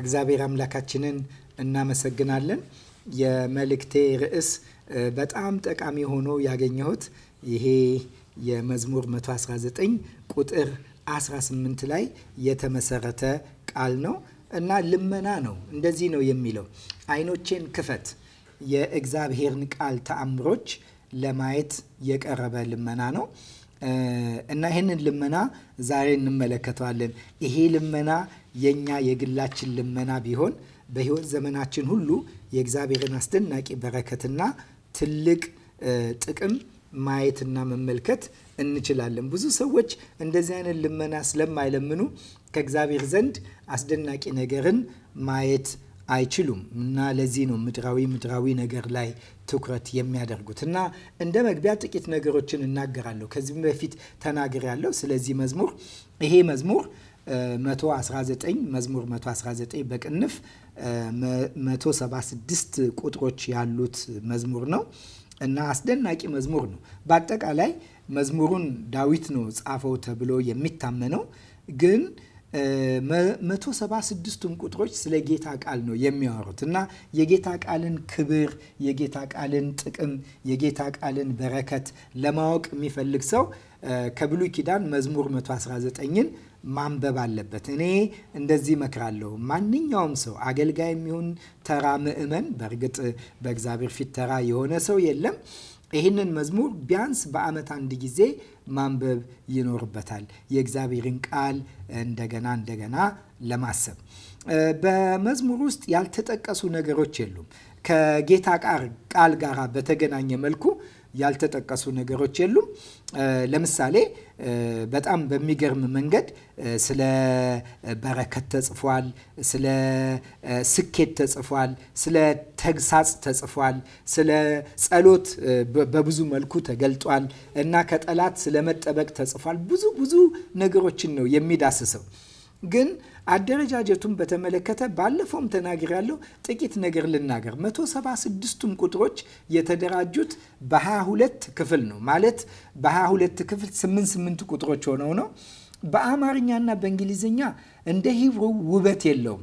እግዚአብሔር አምላካችንን እናመሰግናለን። የመልእክቴ ርዕስ በጣም ጠቃሚ ሆኖ ያገኘሁት ይሄ የመዝሙር 119 ቁጥር 18 ላይ የተመሰረተ ቃል ነው እና ልመና ነው። እንደዚህ ነው የሚለው አይኖቼን ክፈት የእግዚአብሔርን ቃል ተአምሮች ለማየት የቀረበ ልመና ነው። እና ይህንን ልመና ዛሬ እንመለከተዋለን። ይሄ ልመና የእኛ የግላችን ልመና ቢሆን በህይወት ዘመናችን ሁሉ የእግዚአብሔርን አስደናቂ በረከትና ትልቅ ጥቅም ማየትና መመልከት እንችላለን። ብዙ ሰዎች እንደዚህ አይነት ልመና ስለማይለምኑ ከእግዚአብሔር ዘንድ አስደናቂ ነገርን ማየት አይችሉም እና ለዚህ ነው ምድራዊ ምድራዊ ነገር ላይ ትኩረት የሚያደርጉት እና እንደ መግቢያ ጥቂት ነገሮችን እናገራለሁ። ከዚህም በፊት ተናግር ያለው ስለዚህ መዝሙር ይሄ መዝሙር 119 መዝሙር 119 በቅንፍ 176 ቁጥሮች ያሉት መዝሙር ነው እና አስደናቂ መዝሙር ነው። በአጠቃላይ መዝሙሩን ዳዊት ነው ጻፈው ተብሎ የሚታመነው ግን መቶ ሰባ ስድስቱን ቁጥሮች ስለ ጌታ ቃል ነው የሚያወሩት እና የጌታ ቃልን ክብር፣ የጌታ ቃልን ጥቅም፣ የጌታ ቃልን በረከት ለማወቅ የሚፈልግ ሰው ከብሉይ ኪዳን መዝሙር 119ን ማንበብ አለበት። እኔ እንደዚህ መክራለሁ። ማንኛውም ሰው አገልጋይ የሚሆን ተራ ምዕመን፣ በእርግጥ በእግዚአብሔር ፊት ተራ የሆነ ሰው የለም ይህንን መዝሙር ቢያንስ በዓመት አንድ ጊዜ ማንበብ ይኖርበታል። የእግዚአብሔርን ቃል እንደገና እንደገና ለማሰብ በመዝሙር ውስጥ ያልተጠቀሱ ነገሮች የሉም። ከጌታ ቃል ጋር በተገናኘ መልኩ ያልተጠቀሱ ነገሮች የሉም። ለምሳሌ በጣም በሚገርም መንገድ ስለ በረከት ተጽፏል፣ ስለ ስኬት ተጽፏል፣ ስለ ተግሳጽ ተጽፏል፣ ስለ ጸሎት በብዙ መልኩ ተገልጧል እና ከጠላት ስለ መጠበቅ ተጽፏል። ብዙ ብዙ ነገሮችን ነው የሚዳስሰው ግን አደረጃጀቱን በተመለከተ ባለፈውም ተናግር ያለው ጥቂት ነገር ልናገር። 176ቱም ቁጥሮች የተደራጁት በ22 ክፍል ነው። ማለት በ22 ክፍል 88 ቁጥሮች ሆነው ነው። በአማርኛና በእንግሊዝኛ እንደ ሂብሩ ውበት የለውም።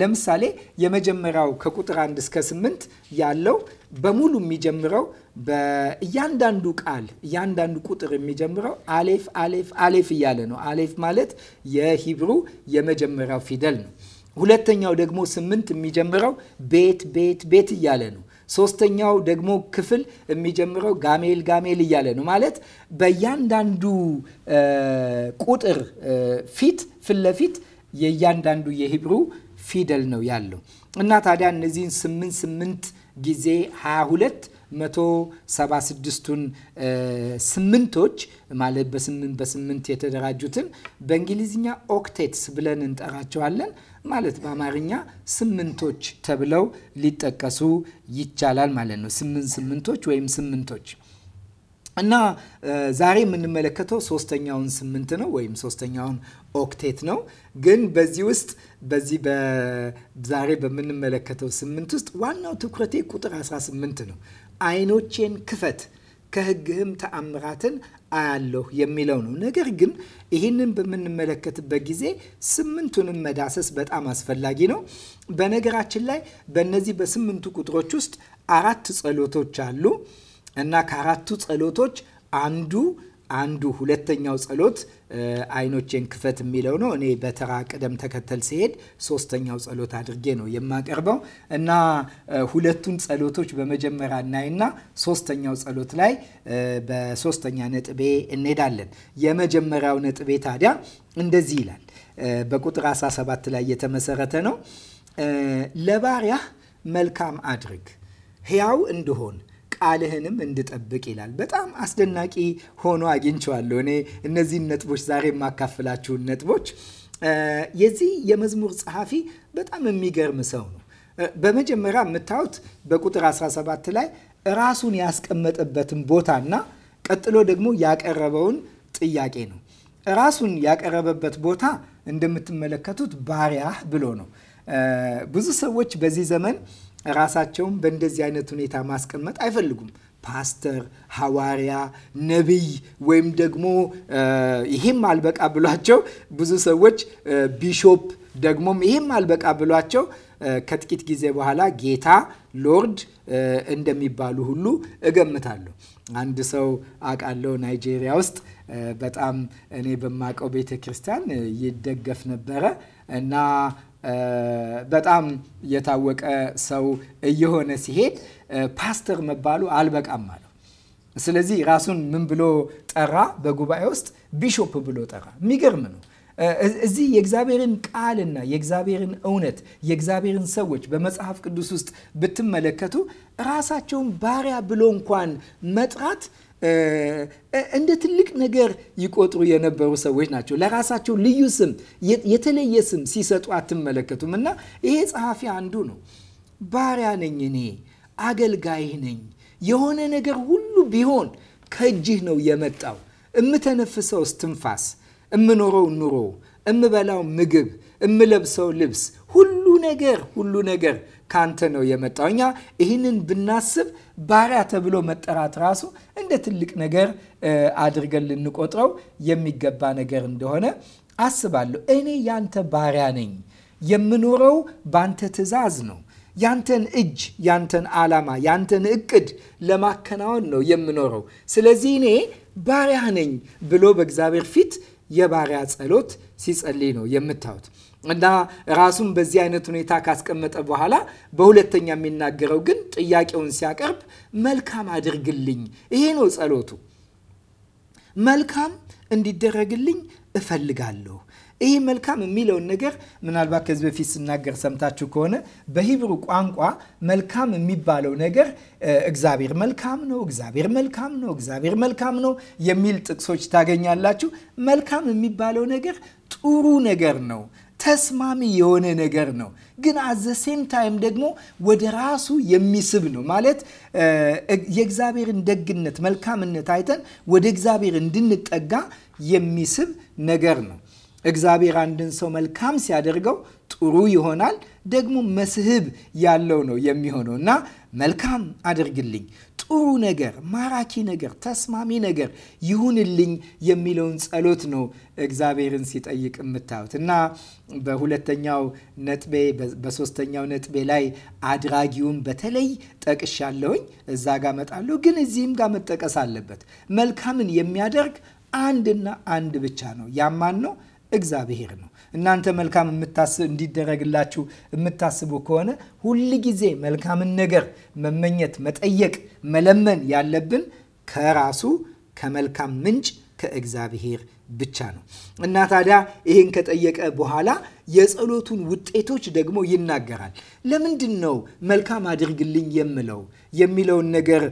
ለምሳሌ የመጀመሪያው ከቁጥር አንድ እስከ ስምንት ያለው በሙሉ የሚጀምረው በእያንዳንዱ ቃል እያንዳንዱ ቁጥር የሚጀምረው አሌፍ አሌፍ አሌፍ እያለ ነው። አሌፍ ማለት የሂብሩ የመጀመሪያው ፊደል ነው። ሁለተኛው ደግሞ ስምንት የሚጀምረው ቤት ቤት ቤት እያለ ነው። ሶስተኛው ደግሞ ክፍል የሚጀምረው ጋሜል ጋሜል እያለ ነው። ማለት በእያንዳንዱ ቁጥር ፊት ፊት ለፊት የእያንዳንዱ የሂብሩ ፊደል ነው ያለው እና ታዲያ እነዚህን ስምንት ስምንት ጊዜ 22 176ቱን ስምንቶች ማለት በስምንት በስምንት የተደራጁትን በእንግሊዝኛ ኦክቴትስ ብለን እንጠራቸዋለን። ማለት በአማርኛ ስምንቶች ተብለው ሊጠቀሱ ይቻላል ማለት ነው። ስምንት ስምንቶች ወይም ስምንቶች እና ዛሬ የምንመለከተው ሶስተኛውን ስምንት ነው ወይም ሶስተኛውን ኦክቴት ነው። ግን በዚህ ውስጥ በዚህ ዛሬ በምንመለከተው ስምንት ውስጥ ዋናው ትኩረቴ ቁጥር 18 ነው። አይኖቼን ክፈት ከህግህም ተአምራትን አያለሁ የሚለው ነው። ነገር ግን ይህንን በምንመለከትበት ጊዜ ስምንቱንም መዳሰስ በጣም አስፈላጊ ነው። በነገራችን ላይ በእነዚህ በስምንቱ ቁጥሮች ውስጥ አራት ጸሎቶች አሉ እና ከአራቱ ጸሎቶች አንዱ አንዱ ሁለተኛው ጸሎት አይኖቼን ክፈት የሚለው ነው። እኔ በተራ ቅደም ተከተል ሲሄድ ሶስተኛው ጸሎት አድርጌ ነው የማቀርበው እና ሁለቱን ጸሎቶች በመጀመሪያ እናይና ሶስተኛው ጸሎት ላይ በሶስተኛ ነጥቤ እንሄዳለን። የመጀመሪያው ነጥቤ ታዲያ እንደዚህ ይላል። በቁጥር 17 ላይ የተመሰረተ ነው። ለባሪያህ መልካም አድርግ ሕያው እንደሆን ቃልህንም እንድጠብቅ ይላል። በጣም አስደናቂ ሆኖ አግኝቸዋለሁ እኔ እነዚህን ነጥቦች ዛሬ የማካፍላችሁን ነጥቦች የዚህ የመዝሙር ጸሐፊ በጣም የሚገርም ሰው ነው። በመጀመሪያ የምታዩት በቁጥር 17 ላይ ራሱን ያስቀመጠበትን ቦታና ቀጥሎ ደግሞ ያቀረበውን ጥያቄ ነው። ራሱን ያቀረበበት ቦታ እንደምትመለከቱት ባሪያህ ብሎ ነው። ብዙ ሰዎች በዚህ ዘመን ራሳቸውን በእንደዚህ አይነት ሁኔታ ማስቀመጥ አይፈልጉም። ፓስተር፣ ሐዋርያ፣ ነቢይ ወይም ደግሞ ይሄም አልበቃ ብሏቸው ብዙ ሰዎች ቢሾፕ፣ ደግሞም ይሄም አልበቃ ብሏቸው ከጥቂት ጊዜ በኋላ ጌታ ሎርድ እንደሚባሉ ሁሉ እገምታለሁ። አንድ ሰው አውቃለሁ ናይጄሪያ ውስጥ በጣም እኔ በማውቀው ቤተ ክርስቲያን ይደገፍ ነበረ እና በጣም የታወቀ ሰው እየሆነ ሲሄድ ፓስተር መባሉ አልበቃም አለው። ስለዚህ ራሱን ምን ብሎ ጠራ? በጉባኤ ውስጥ ቢሾፕ ብሎ ጠራ። የሚገርም ነው። እዚህ የእግዚአብሔርን ቃልና የእግዚአብሔርን እውነት የእግዚአብሔርን ሰዎች በመጽሐፍ ቅዱስ ውስጥ ብትመለከቱ ራሳቸውን ባሪያ ብሎ እንኳን መጥራት እንደ ትልቅ ነገር ይቆጥሩ የነበሩ ሰዎች ናቸው። ለራሳቸው ልዩ ስም፣ የተለየ ስም ሲሰጡ አትመለከቱም። እና ይሄ ጸሐፊ አንዱ ነው። ባሪያ ነኝ እኔ አገልጋይህ ነኝ። የሆነ ነገር ሁሉ ቢሆን ከእጅህ ነው የመጣው። እምተነፍሰው እስትንፋስ፣ እምኖረው ኑሮ፣ እምበላው ምግብ፣ እምለብሰው ልብስ ሁሉ ነገር ሁሉ ነገር ከአንተ ነው የመጣው። እኛ ይህንን ብናስብ ባሪያ ተብሎ መጠራት ራሱ እንደ ትልቅ ነገር አድርገን ልንቆጥረው የሚገባ ነገር እንደሆነ አስባለሁ። እኔ ያንተ ባሪያ ነኝ፣ የምኖረው ባንተ ትእዛዝ ነው። ያንተን እጅ፣ ያንተን ዓላማ፣ ያንተን እቅድ ለማከናወን ነው የምኖረው። ስለዚህ እኔ ባሪያ ነኝ ብሎ በእግዚአብሔር ፊት የባሪያ ጸሎት ሲጸልይ ነው የምታዩት። እና ራሱን በዚህ አይነት ሁኔታ ካስቀመጠ በኋላ በሁለተኛ የሚናገረው ግን ጥያቄውን ሲያቀርብ መልካም አድርግልኝ፣ ይሄ ነው ጸሎቱ። መልካም እንዲደረግልኝ እፈልጋለሁ። ይሄ መልካም የሚለውን ነገር ምናልባት ከዚህ በፊት ስናገር ሰምታችሁ ከሆነ በሂብሩ ቋንቋ መልካም የሚባለው ነገር እግዚአብሔር መልካም ነው፣ እግዚአብሔር መልካም ነው፣ እግዚአብሔር መልካም ነው የሚል ጥቅሶች ታገኛላችሁ። መልካም የሚባለው ነገር ጥሩ ነገር ነው ተስማሚ የሆነ ነገር ነው፣ ግን አዘ ሴም ታይም ደግሞ ወደ ራሱ የሚስብ ነው። ማለት የእግዚአብሔርን ደግነት፣ መልካምነት አይተን ወደ እግዚአብሔር እንድንጠጋ የሚስብ ነገር ነው። እግዚአብሔር አንድን ሰው መልካም ሲያደርገው ጥሩ ይሆናል፣ ደግሞ መስህብ ያለው ነው የሚሆነው እና መልካም አድርግልኝ፣ ጥሩ ነገር፣ ማራኪ ነገር፣ ተስማሚ ነገር ይሁንልኝ የሚለውን ጸሎት ነው እግዚአብሔርን ሲጠይቅ የምታዩት እና በሁለተኛው ነጥቤ በሶስተኛው ነጥቤ ላይ አድራጊውን በተለይ ጠቅሻለሁኝ። እዛ ጋር መጣለሁ፣ ግን እዚህም ጋር መጠቀስ አለበት። መልካምን የሚያደርግ አንድና አንድ ብቻ ነው። ያማን ነው እግዚአብሔር ነው። እናንተ መልካም እንዲደረግላችሁ የምታስቡ ከሆነ ጊዜ መልካምን ነገር መመኘት፣ መጠየቅ፣ መለመን ያለብን ከራሱ ከመልካም ምንጭ ከእግዚአብሔር ብቻ ነው እና ታዲያ ይህን ከጠየቀ በኋላ የጸሎቱን ውጤቶች ደግሞ ይናገራል። ለምንድን ነው መልካም አድርግልኝ የምለው የሚለውን ነገር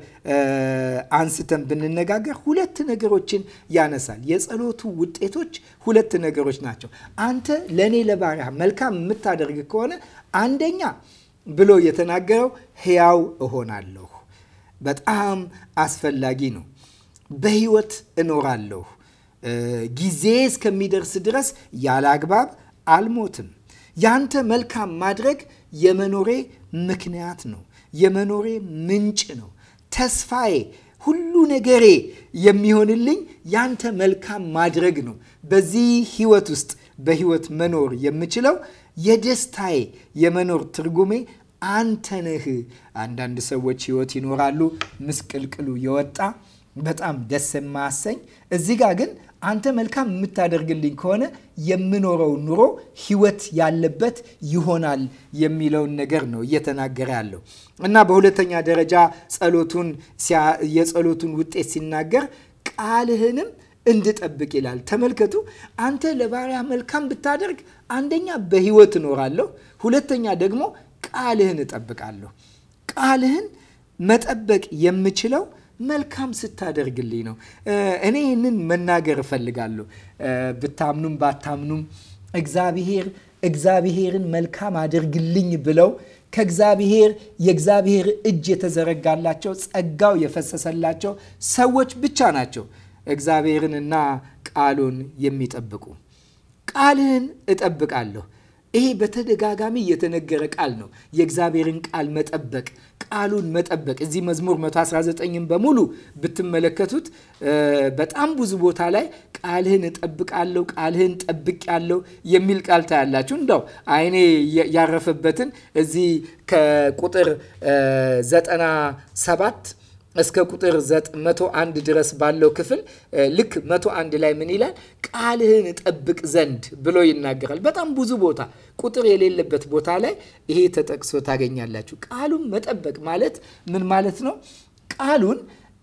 አንስተን ብንነጋገር ሁለት ነገሮችን ያነሳል። የጸሎቱ ውጤቶች ሁለት ነገሮች ናቸው። አንተ ለእኔ ለባሪያ መልካም የምታደርግ ከሆነ አንደኛ ብሎ የተናገረው ሕያው እሆናለሁ። በጣም አስፈላጊ ነው። በሕይወት እኖራለሁ ጊዜ እስከሚደርስ ድረስ ያለ አግባብ አልሞትም። ያንተ መልካም ማድረግ የመኖሬ ምክንያት ነው፣ የመኖሬ ምንጭ ነው። ተስፋዬ፣ ሁሉ ነገሬ የሚሆንልኝ ያንተ መልካም ማድረግ ነው። በዚህ ህይወት ውስጥ በህይወት መኖር የምችለው የደስታዬ የመኖር ትርጉሜ አንተ ነህ። አንዳንድ ሰዎች ህይወት ይኖራሉ ምስቅልቅሉ የወጣ በጣም ደስ የማያሰኝ እዚህ ጋር ግን አንተ መልካም የምታደርግልኝ ከሆነ የምኖረው ኑሮ ህይወት ያለበት ይሆናል የሚለውን ነገር ነው እየተናገረ ያለው እና በሁለተኛ ደረጃ ጸሎቱን የጸሎቱን ውጤት ሲናገር ቃልህንም እንድጠብቅ ይላል። ተመልከቱ፣ አንተ ለባሪያ መልካም ብታደርግ አንደኛ በህይወት እኖራለሁ፣ ሁለተኛ ደግሞ ቃልህን እጠብቃለሁ። ቃልህን መጠበቅ የምችለው መልካም ስታደርግልኝ ነው። እኔ ይህንን መናገር እፈልጋለሁ። ብታምኑም ባታምኑም እግዚአብሔር እግዚአብሔርን መልካም አድርግልኝ ብለው ከእግዚአብሔር የእግዚአብሔር እጅ የተዘረጋላቸው ጸጋው የፈሰሰላቸው ሰዎች ብቻ ናቸው እግዚአብሔርንና ቃሉን የሚጠብቁ ቃልህን እጠብቃለሁ ይሄ በተደጋጋሚ የተነገረ ቃል ነው። የእግዚአብሔርን ቃል መጠበቅ፣ ቃሉን መጠበቅ። እዚህ መዝሙር 119ን በሙሉ ብትመለከቱት በጣም ብዙ ቦታ ላይ ቃልህን እጠብቃለሁ፣ ቃልህን ጠብቅ ያለው የሚል ቃል ታያላችሁ። እንዳው አይኔ ያረፈበትን እዚህ ከቁጥር 97 እስከ ቁጥር 101 ድረስ ባለው ክፍል ልክ 101 ላይ ምን ይላል? ቃልህን እጠብቅ ዘንድ ብሎ ይናገራል። በጣም ብዙ ቦታ ቁጥር የሌለበት ቦታ ላይ ይሄ ተጠቅሶ ታገኛላችሁ። ቃሉን መጠበቅ ማለት ምን ማለት ነው? ቃሉን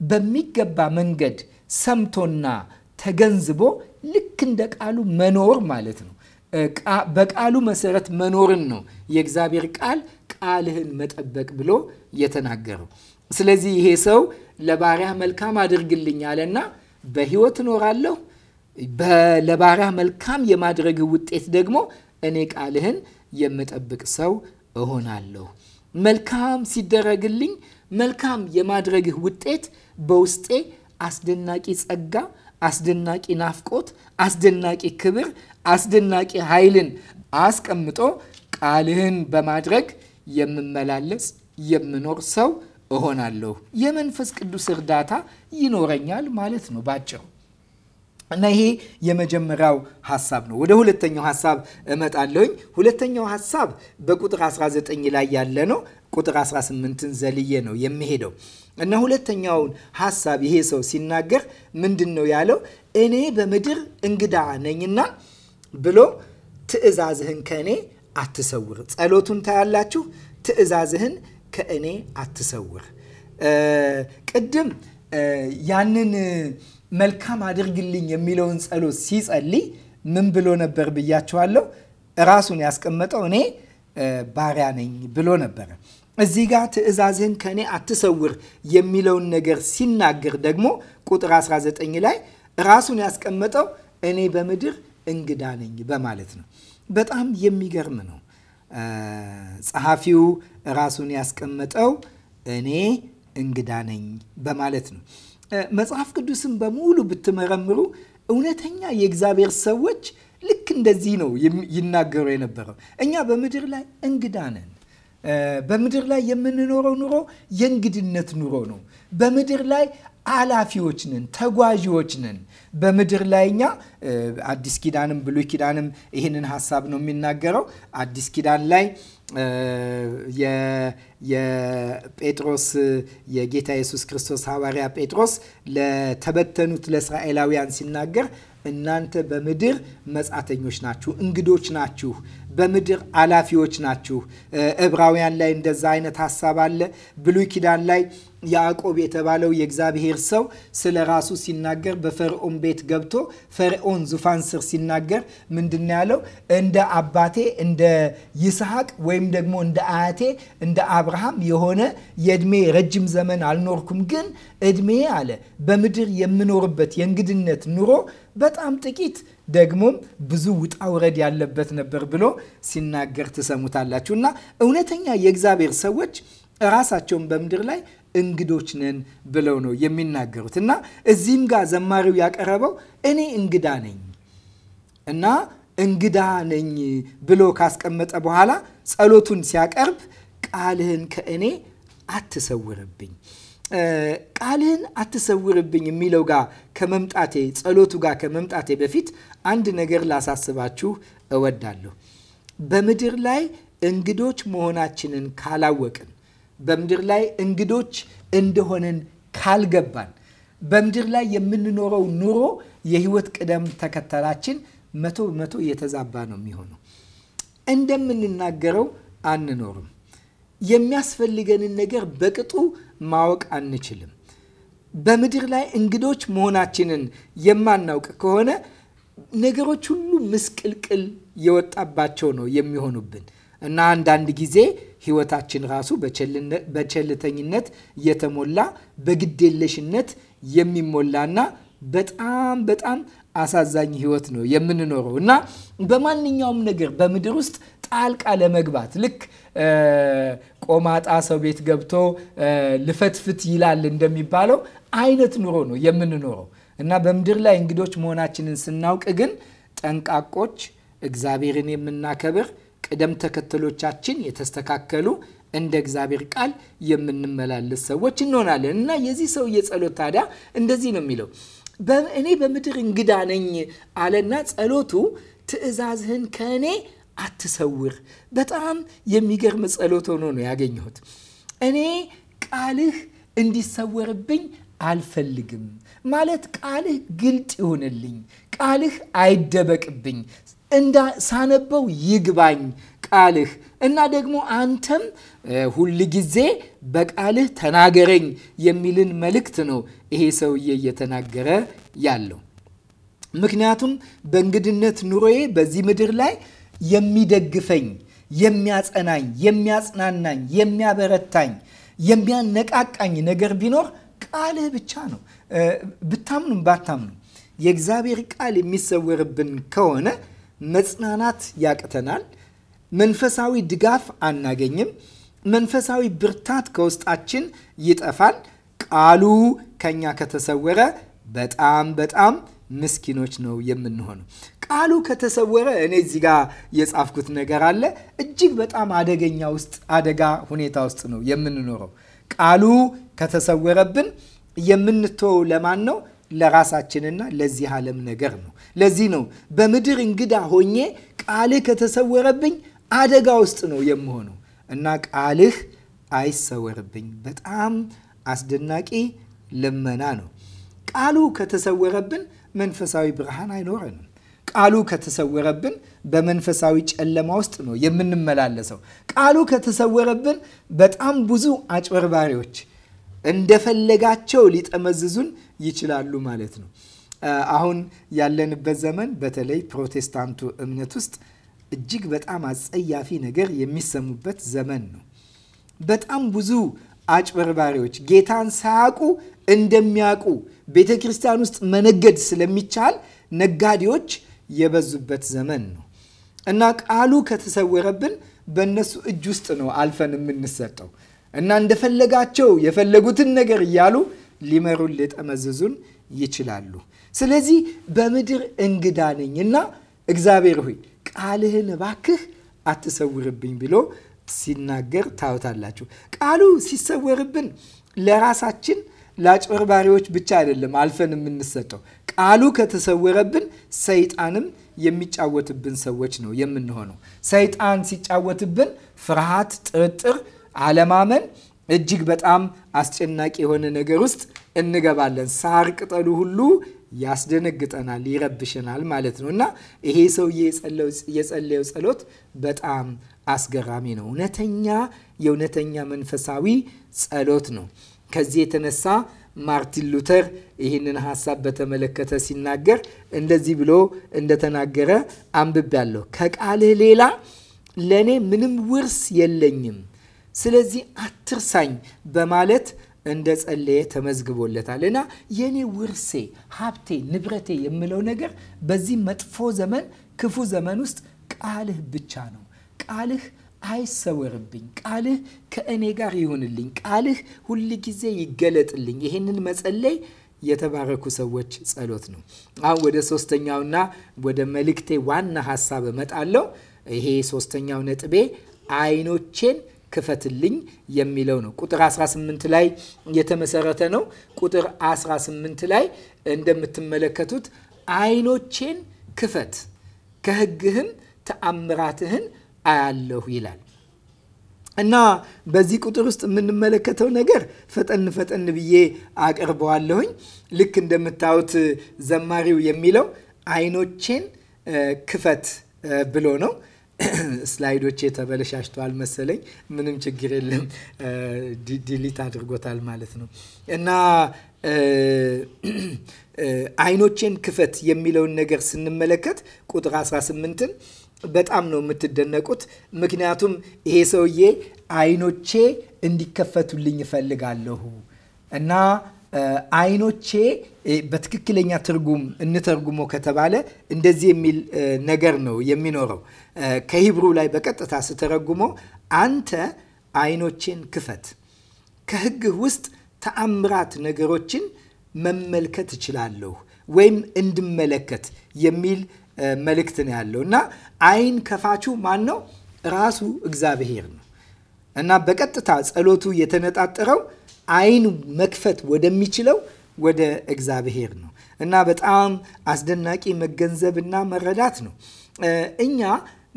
በሚገባ መንገድ ሰምቶና ተገንዝቦ ልክ እንደ ቃሉ መኖር ማለት ነው። በቃሉ መሰረት መኖርን ነው የእግዚአብሔር ቃል ቃልህን መጠበቅ ብሎ የተናገረው። ስለዚህ ይሄ ሰው ለባሪያ መልካም አድርግልኝ አለና በህይወት እኖራለሁ። ለባሪያ መልካም የማድረግ ውጤት ደግሞ እኔ ቃልህን የምጠብቅ ሰው እሆናለሁ። መልካም ሲደረግልኝ መልካም የማድረግህ ውጤት በውስጤ አስደናቂ ጸጋ፣ አስደናቂ ናፍቆት፣ አስደናቂ ክብር፣ አስደናቂ ኃይልን አስቀምጦ ቃልህን በማድረግ የምመላለስ የምኖር ሰው እሆናለሁ። የመንፈስ ቅዱስ እርዳታ ይኖረኛል ማለት ነው ባጭሩ። እና ይሄ የመጀመሪያው ሀሳብ ነው። ወደ ሁለተኛው ሀሳብ እመጣለሁኝ። ሁለተኛው ሀሳብ በቁጥር 19 ላይ ያለ ነው። ቁጥር 18ን ዘልዬ ነው የሚሄደው እና ሁለተኛውን ሀሳብ ይሄ ሰው ሲናገር ምንድን ነው ያለው? እኔ በምድር እንግዳ ነኝና ብሎ ትእዛዝህን ከእኔ አትሰውር። ጸሎቱን ታያላችሁ፣ ትእዛዝህን ከእኔ አትሰውር። ቅድም ያንን መልካም አድርግልኝ የሚለውን ጸሎት ሲጸልይ ምን ብሎ ነበር ብያቸዋለሁ ራሱን ያስቀመጠው እኔ ባሪያ ነኝ ብሎ ነበረ። እዚህ ጋር ትእዛዝህን ከእኔ አትሰውር የሚለውን ነገር ሲናገር ደግሞ ቁጥር 19 ላይ ራሱን ያስቀመጠው እኔ በምድር እንግዳ ነኝ በማለት ነው። በጣም የሚገርም ነው። ጸሐፊው ራሱን ያስቀመጠው እኔ እንግዳ ነኝ በማለት ነው። መጽሐፍ ቅዱስን በሙሉ ብትመረምሩ እውነተኛ የእግዚአብሔር ሰዎች ልክ እንደዚህ ነው ይናገሩ የነበረው። እኛ በምድር ላይ እንግዳ ነን። በምድር ላይ የምንኖረው ኑሮ የእንግድነት ኑሮ ነው። በምድር ላይ አላፊዎች ነን፣ ተጓዥዎች ነን። በምድር ላይ እኛ አዲስ ኪዳንም ብሉይ ኪዳንም ይህንን ሀሳብ ነው የሚናገረው። አዲስ ኪዳን ላይ የጴጥሮስ የጌታ ኢየሱስ ክርስቶስ ሐዋርያ ጴጥሮስ ለተበተኑት ለእስራኤላውያን ሲናገር እናንተ በምድር መጻተኞች ናችሁ፣ እንግዶች ናችሁ፣ በምድር አላፊዎች ናችሁ። ዕብራውያን ላይ እንደዛ አይነት ሀሳብ አለ። ብሉይ ኪዳን ላይ ያዕቆብ የተባለው የእግዚአብሔር ሰው ስለ ራሱ ሲናገር በፈርዖን ቤት ገብቶ ፈርዖን ዙፋን ስር ሲናገር ምንድን ያለው? እንደ አባቴ እንደ ይስሐቅ ወይም ደግሞ እንደ አያቴ እንደ አብርሃም የሆነ የእድሜ ረጅም ዘመን አልኖርኩም፣ ግን እድሜ አለ በምድር የምኖርበት የእንግድነት ኑሮ በጣም ጥቂት ደግሞም ብዙ ውጣ ውረድ ያለበት ነበር ብሎ ሲናገር ትሰሙታላችሁ። እና እውነተኛ የእግዚአብሔር ሰዎች ራሳቸውን በምድር ላይ እንግዶች ነን ብለው ነው የሚናገሩት። እና እዚህም ጋር ዘማሪው ያቀረበው እኔ እንግዳ ነኝ እና እንግዳ ነኝ ብሎ ካስቀመጠ በኋላ ጸሎቱን ሲያቀርብ ቃልህን ከእኔ አትሰውርብኝ ቃልህን አትሰውርብኝ የሚለው ጋር ከመምጣቴ ጸሎቱ ጋር ከመምጣቴ በፊት አንድ ነገር ላሳስባችሁ እወዳለሁ። በምድር ላይ እንግዶች መሆናችንን ካላወቅን በምድር ላይ እንግዶች እንደሆንን ካልገባን በምድር ላይ የምንኖረው ኑሮ የህይወት ቅደም ተከተላችን መቶ በመቶ የተዛባ ነው የሚሆነው። እንደምንናገረው አንኖርም። የሚያስፈልገንን ነገር በቅጡ ማወቅ አንችልም። በምድር ላይ እንግዶች መሆናችንን የማናውቅ ከሆነ ነገሮች ሁሉ ምስቅልቅል የወጣባቸው ነው የሚሆኑብን እና አንዳንድ ጊዜ ህይወታችን ራሱ በቸልተኝነት የተሞላ በግዴለሽነት የሚሞላና በጣም በጣም አሳዛኝ ህይወት ነው የምንኖረው እና በማንኛውም ነገር በምድር ውስጥ ጣልቃ ለመግባት ልክ ቆማጣ ሰው ቤት ገብቶ ልፈትፍት ይላል እንደሚባለው አይነት ኑሮ ነው የምንኖረው እና በምድር ላይ እንግዶች መሆናችንን ስናውቅ ግን ጠንቃቆች፣ እግዚአብሔርን የምናከብር ቅደም ተከተሎቻችን የተስተካከሉ እንደ እግዚአብሔር ቃል የምንመላለስ ሰዎች እንሆናለን እና የዚህ ሰውዬ ጸሎት ታዲያ እንደዚህ ነው የሚለው እኔ በምድር እንግዳ ነኝ አለና ጸሎቱ ትእዛዝህን ከእኔ አትሰውር። በጣም የሚገርም ጸሎት ሆኖ ነው ያገኘሁት። እኔ ቃልህ እንዲሰወርብኝ አልፈልግም ማለት ቃልህ ግልጥ ይሆንልኝ፣ ቃልህ አይደበቅብኝ። እንዳ ሳነበው ይግባኝ ቃልህ እና ደግሞ አንተም ሁል ጊዜ በቃልህ ተናገረኝ የሚልን መልእክት ነው ይሄ ሰውዬ እየተናገረ ያለው። ምክንያቱም በእንግድነት ኑሮዬ በዚህ ምድር ላይ የሚደግፈኝ፣ የሚያጸናኝ፣ የሚያጽናናኝ፣ የሚያበረታኝ፣ የሚያነቃቃኝ ነገር ቢኖር ቃልህ ብቻ ነው። ብታምኑም ባታምኑ የእግዚአብሔር ቃል የሚሰወርብን ከሆነ መጽናናት ያቅተናል። መንፈሳዊ ድጋፍ አናገኝም። መንፈሳዊ ብርታት ከውስጣችን ይጠፋል። ቃሉ ከኛ ከተሰወረ በጣም በጣም ምስኪኖች ነው የምንሆነው። ቃሉ ከተሰወረ እኔ እዚህ ጋር የጻፍኩት ነገር አለ። እጅግ በጣም አደገኛ ውስጥ አደጋ ሁኔታ ውስጥ ነው የምንኖረው። ቃሉ ከተሰወረብን የምንተወው ለማን ነው? ለራሳችንና ለዚህ ዓለም ነገር ነው። ለዚህ ነው በምድር እንግዳ ሆኜ ቃልህ ከተሰወረብኝ አደጋ ውስጥ ነው የምሆነው እና ቃልህ አይሰወርብኝ። በጣም አስደናቂ ልመና ነው። ቃሉ ከተሰወረብን መንፈሳዊ ብርሃን አይኖረንም። ቃሉ ከተሰወረብን በመንፈሳዊ ጨለማ ውስጥ ነው የምንመላለሰው። ቃሉ ከተሰወረብን በጣም ብዙ አጭበርባሪዎች እንደፈለጋቸው ሊጠመዝዙን ይችላሉ ማለት ነው። አሁን ያለንበት ዘመን በተለይ ፕሮቴስታንቱ እምነት ውስጥ እጅግ በጣም አጸያፊ ነገር የሚሰሙበት ዘመን ነው። በጣም ብዙ አጭበርባሪዎች ጌታን ሳያውቁ እንደሚያውቁ ቤተ ክርስቲያን ውስጥ መነገድ ስለሚቻል ነጋዴዎች የበዙበት ዘመን ነው እና ቃሉ ከተሰወረብን በእነሱ እጅ ውስጥ ነው አልፈን የምንሰጠው እና እንደፈለጋቸው የፈለጉትን ነገር እያሉ ሊመሩን ሊጠመዝዙን ይችላሉ። ስለዚህ በምድር እንግዳ ነኝ እና እግዚአብሔር ሆይ ቃልህን እባክህ አትሰውርብኝ ብሎ ሲናገር ታወታላችሁ። ቃሉ ሲሰወርብን ለራሳችን ለአጭበርባሪዎች ብቻ አይደለም አልፈን የምንሰጠው። ቃሉ ከተሰወረብን ሰይጣንም የሚጫወትብን ሰዎች ነው የምንሆነው። ሰይጣን ሲጫወትብን ፍርሃት፣ ጥርጥር፣ አለማመን እጅግ በጣም አስጨናቂ የሆነ ነገር ውስጥ እንገባለን። ሳር ቅጠሉ ሁሉ ያስደነግጠናል፣ ይረብሸናል ማለት ነው እና ይሄ ሰውዬ የጸለየው ጸሎት በጣም አስገራሚ ነው። እውነተኛ የእውነተኛ መንፈሳዊ ጸሎት ነው። ከዚህ የተነሳ ማርቲን ሉተር ይህንን ሀሳብ በተመለከተ ሲናገር እንደዚህ ብሎ እንደተናገረ አንብቤያለሁ። ከቃልህ ሌላ ለእኔ ምንም ውርስ የለኝም ስለዚህ አትርሳኝ በማለት እንደ ጸለየ ተመዝግቦለታል። እና የኔ ውርሴ፣ ሀብቴ፣ ንብረቴ የምለው ነገር በዚህ መጥፎ ዘመን፣ ክፉ ዘመን ውስጥ ቃልህ ብቻ ነው። ቃልህ አይሰወርብኝ፣ ቃልህ ከእኔ ጋር ይሁንልኝ፣ ቃልህ ሁልጊዜ ይገለጥልኝ። ይህንን መጸለይ የተባረኩ ሰዎች ጸሎት ነው። አሁን ወደ ሶስተኛውና ወደ መልእክቴ ዋና ሀሳብ እመጣለሁ። ይሄ ሶስተኛው ነጥቤ አይኖቼን ክፈትልኝ የሚለው ነው። ቁጥር 18 ላይ የተመሰረተ ነው። ቁጥር 18 ላይ እንደምትመለከቱት አይኖቼን ክፈት ከህግህም ተአምራትህን አያለሁ ይላል እና በዚህ ቁጥር ውስጥ የምንመለከተው ነገር ፈጠን ፈጠን ብዬ አቅርበዋለሁኝ ልክ እንደምታዩት ዘማሪው የሚለው አይኖቼን ክፈት ብሎ ነው። ስላይዶቼ የተበለሻሽተዋል መሰለኝ። ምንም ችግር የለም። ዲሊት አድርጎታል ማለት ነው እና አይኖቼን ክፈት የሚለውን ነገር ስንመለከት ቁጥር 18ን በጣም ነው የምትደነቁት። ምክንያቱም ይሄ ሰውዬ አይኖቼ እንዲከፈቱልኝ እፈልጋለሁ እና አይኖቼ በትክክለኛ ትርጉም እንተርጉሞ ከተባለ እንደዚህ የሚል ነገር ነው የሚኖረው። ከሂብሩ ላይ በቀጥታ ስተረጉሞ አንተ አይኖቼን ክፈት፣ ከሕግህ ውስጥ ተአምራት ነገሮችን መመልከት እችላለሁ ወይም እንድመለከት የሚል መልእክት ነው ያለው እና አይን ከፋቹ ማን ነው? ራሱ እግዚአብሔር ነው እና በቀጥታ ጸሎቱ የተነጣጠረው አይን መክፈት ወደሚችለው ወደ እግዚአብሔር ነው እና በጣም አስደናቂ መገንዘብና መረዳት ነው። እኛ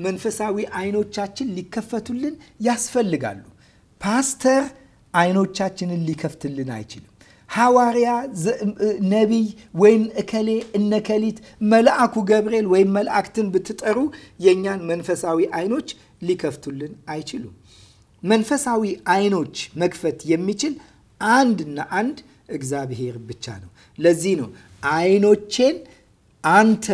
መንፈሳዊ አይኖቻችን ሊከፈቱልን ያስፈልጋሉ። ፓስተር አይኖቻችንን ሊከፍትልን አይችልም። ሐዋርያ፣ ነቢይ ወይም እከሌ እነከሊት መልአኩ ገብርኤል ወይም መልአክትን ብትጠሩ የእኛን መንፈሳዊ አይኖች ሊከፍቱልን አይችሉም። መንፈሳዊ አይኖች መክፈት የሚችል አንድና አንድ እግዚአብሔር ብቻ ነው። ለዚህ ነው አይኖቼን አንተ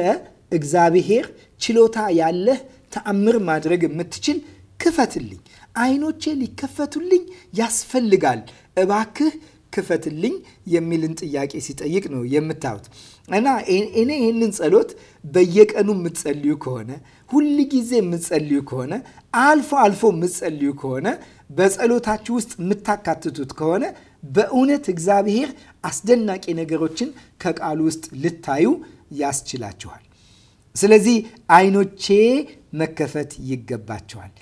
እግዚአብሔር ችሎታ ያለህ ተአምር ማድረግ የምትችል ክፈትልኝ። አይኖቼ ሊከፈቱልኝ ያስፈልጋል፣ እባክህ ክፈትልኝ የሚልን ጥያቄ ሲጠይቅ ነው የምታዩት። እና እኔ ይህንን ጸሎት በየቀኑ የምትጸልዩ ከሆነ ሁል ጊዜ የምትጸልዩ ከሆነ አልፎ አልፎ የምትጸልዩ ከሆነ በጸሎታችሁ ውስጥ የምታካትቱት ከሆነ በእውነት እግዚአብሔር አስደናቂ ነገሮችን ከቃሉ ውስጥ ልታዩ ያስችላችኋል። ስለዚህ አይኖቼ መከፈት ይገባቸዋል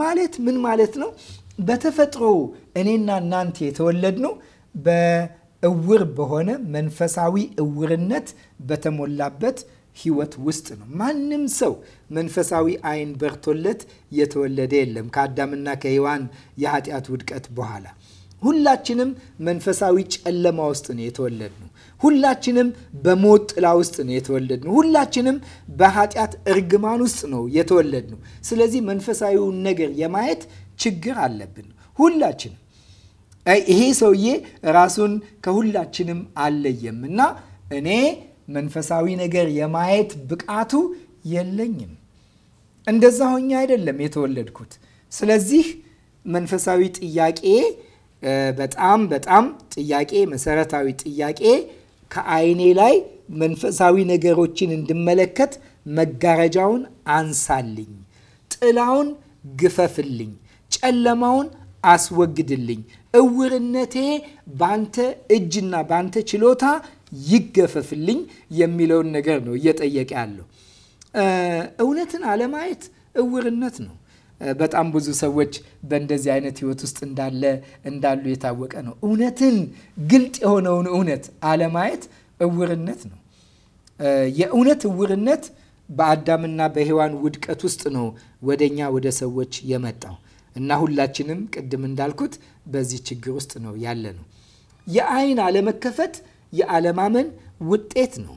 ማለት ምን ማለት ነው? በተፈጥሮ እኔና እናንተ የተወለድነው በእውር በሆነ መንፈሳዊ እውርነት በተሞላበት ሕይወት ውስጥ ነው። ማንም ሰው መንፈሳዊ አይን በርቶለት የተወለደ የለም ከአዳምና ከሔዋን የኃጢአት ውድቀት በኋላ ሁላችንም መንፈሳዊ ጨለማ ውስጥ ነው የተወለድነው። ሁላችንም በሞት ጥላ ውስጥ ነው የተወለድነው። ሁላችንም በኃጢአት እርግማን ውስጥ ነው የተወለድነው። ስለዚህ መንፈሳዊውን ነገር የማየት ችግር አለብን ሁላችንም። ይሄ ሰውዬ ራሱን ከሁላችንም አለየም እና እኔ መንፈሳዊ ነገር የማየት ብቃቱ የለኝም፣ እንደዛ ሆኜ አይደለም የተወለድኩት። ስለዚህ መንፈሳዊ ጥያቄ በጣም በጣም ጥያቄ መሰረታዊ ጥያቄ ከአይኔ ላይ መንፈሳዊ ነገሮችን እንድመለከት መጋረጃውን አንሳልኝ፣ ጥላውን ግፈፍልኝ፣ ጨለማውን አስወግድልኝ፣ እውርነቴ ባንተ እጅና ባንተ ችሎታ ይገፈፍልኝ የሚለውን ነገር ነው እየጠየቀ ያለው። እውነትን አለማየት እውርነት ነው። በጣም ብዙ ሰዎች በእንደዚህ አይነት ህይወት ውስጥ እንዳለ እንዳሉ የታወቀ ነው። እውነትን ግልጥ የሆነውን እውነት አለማየት እውርነት ነው። የእውነት እውርነት በአዳምና በሔዋን ውድቀት ውስጥ ነው ወደኛ ወደ ሰዎች የመጣው እና ሁላችንም ቅድም እንዳልኩት በዚህ ችግር ውስጥ ነው ያለ ነው። የአይን አለመከፈት የአለማመን ውጤት ነው።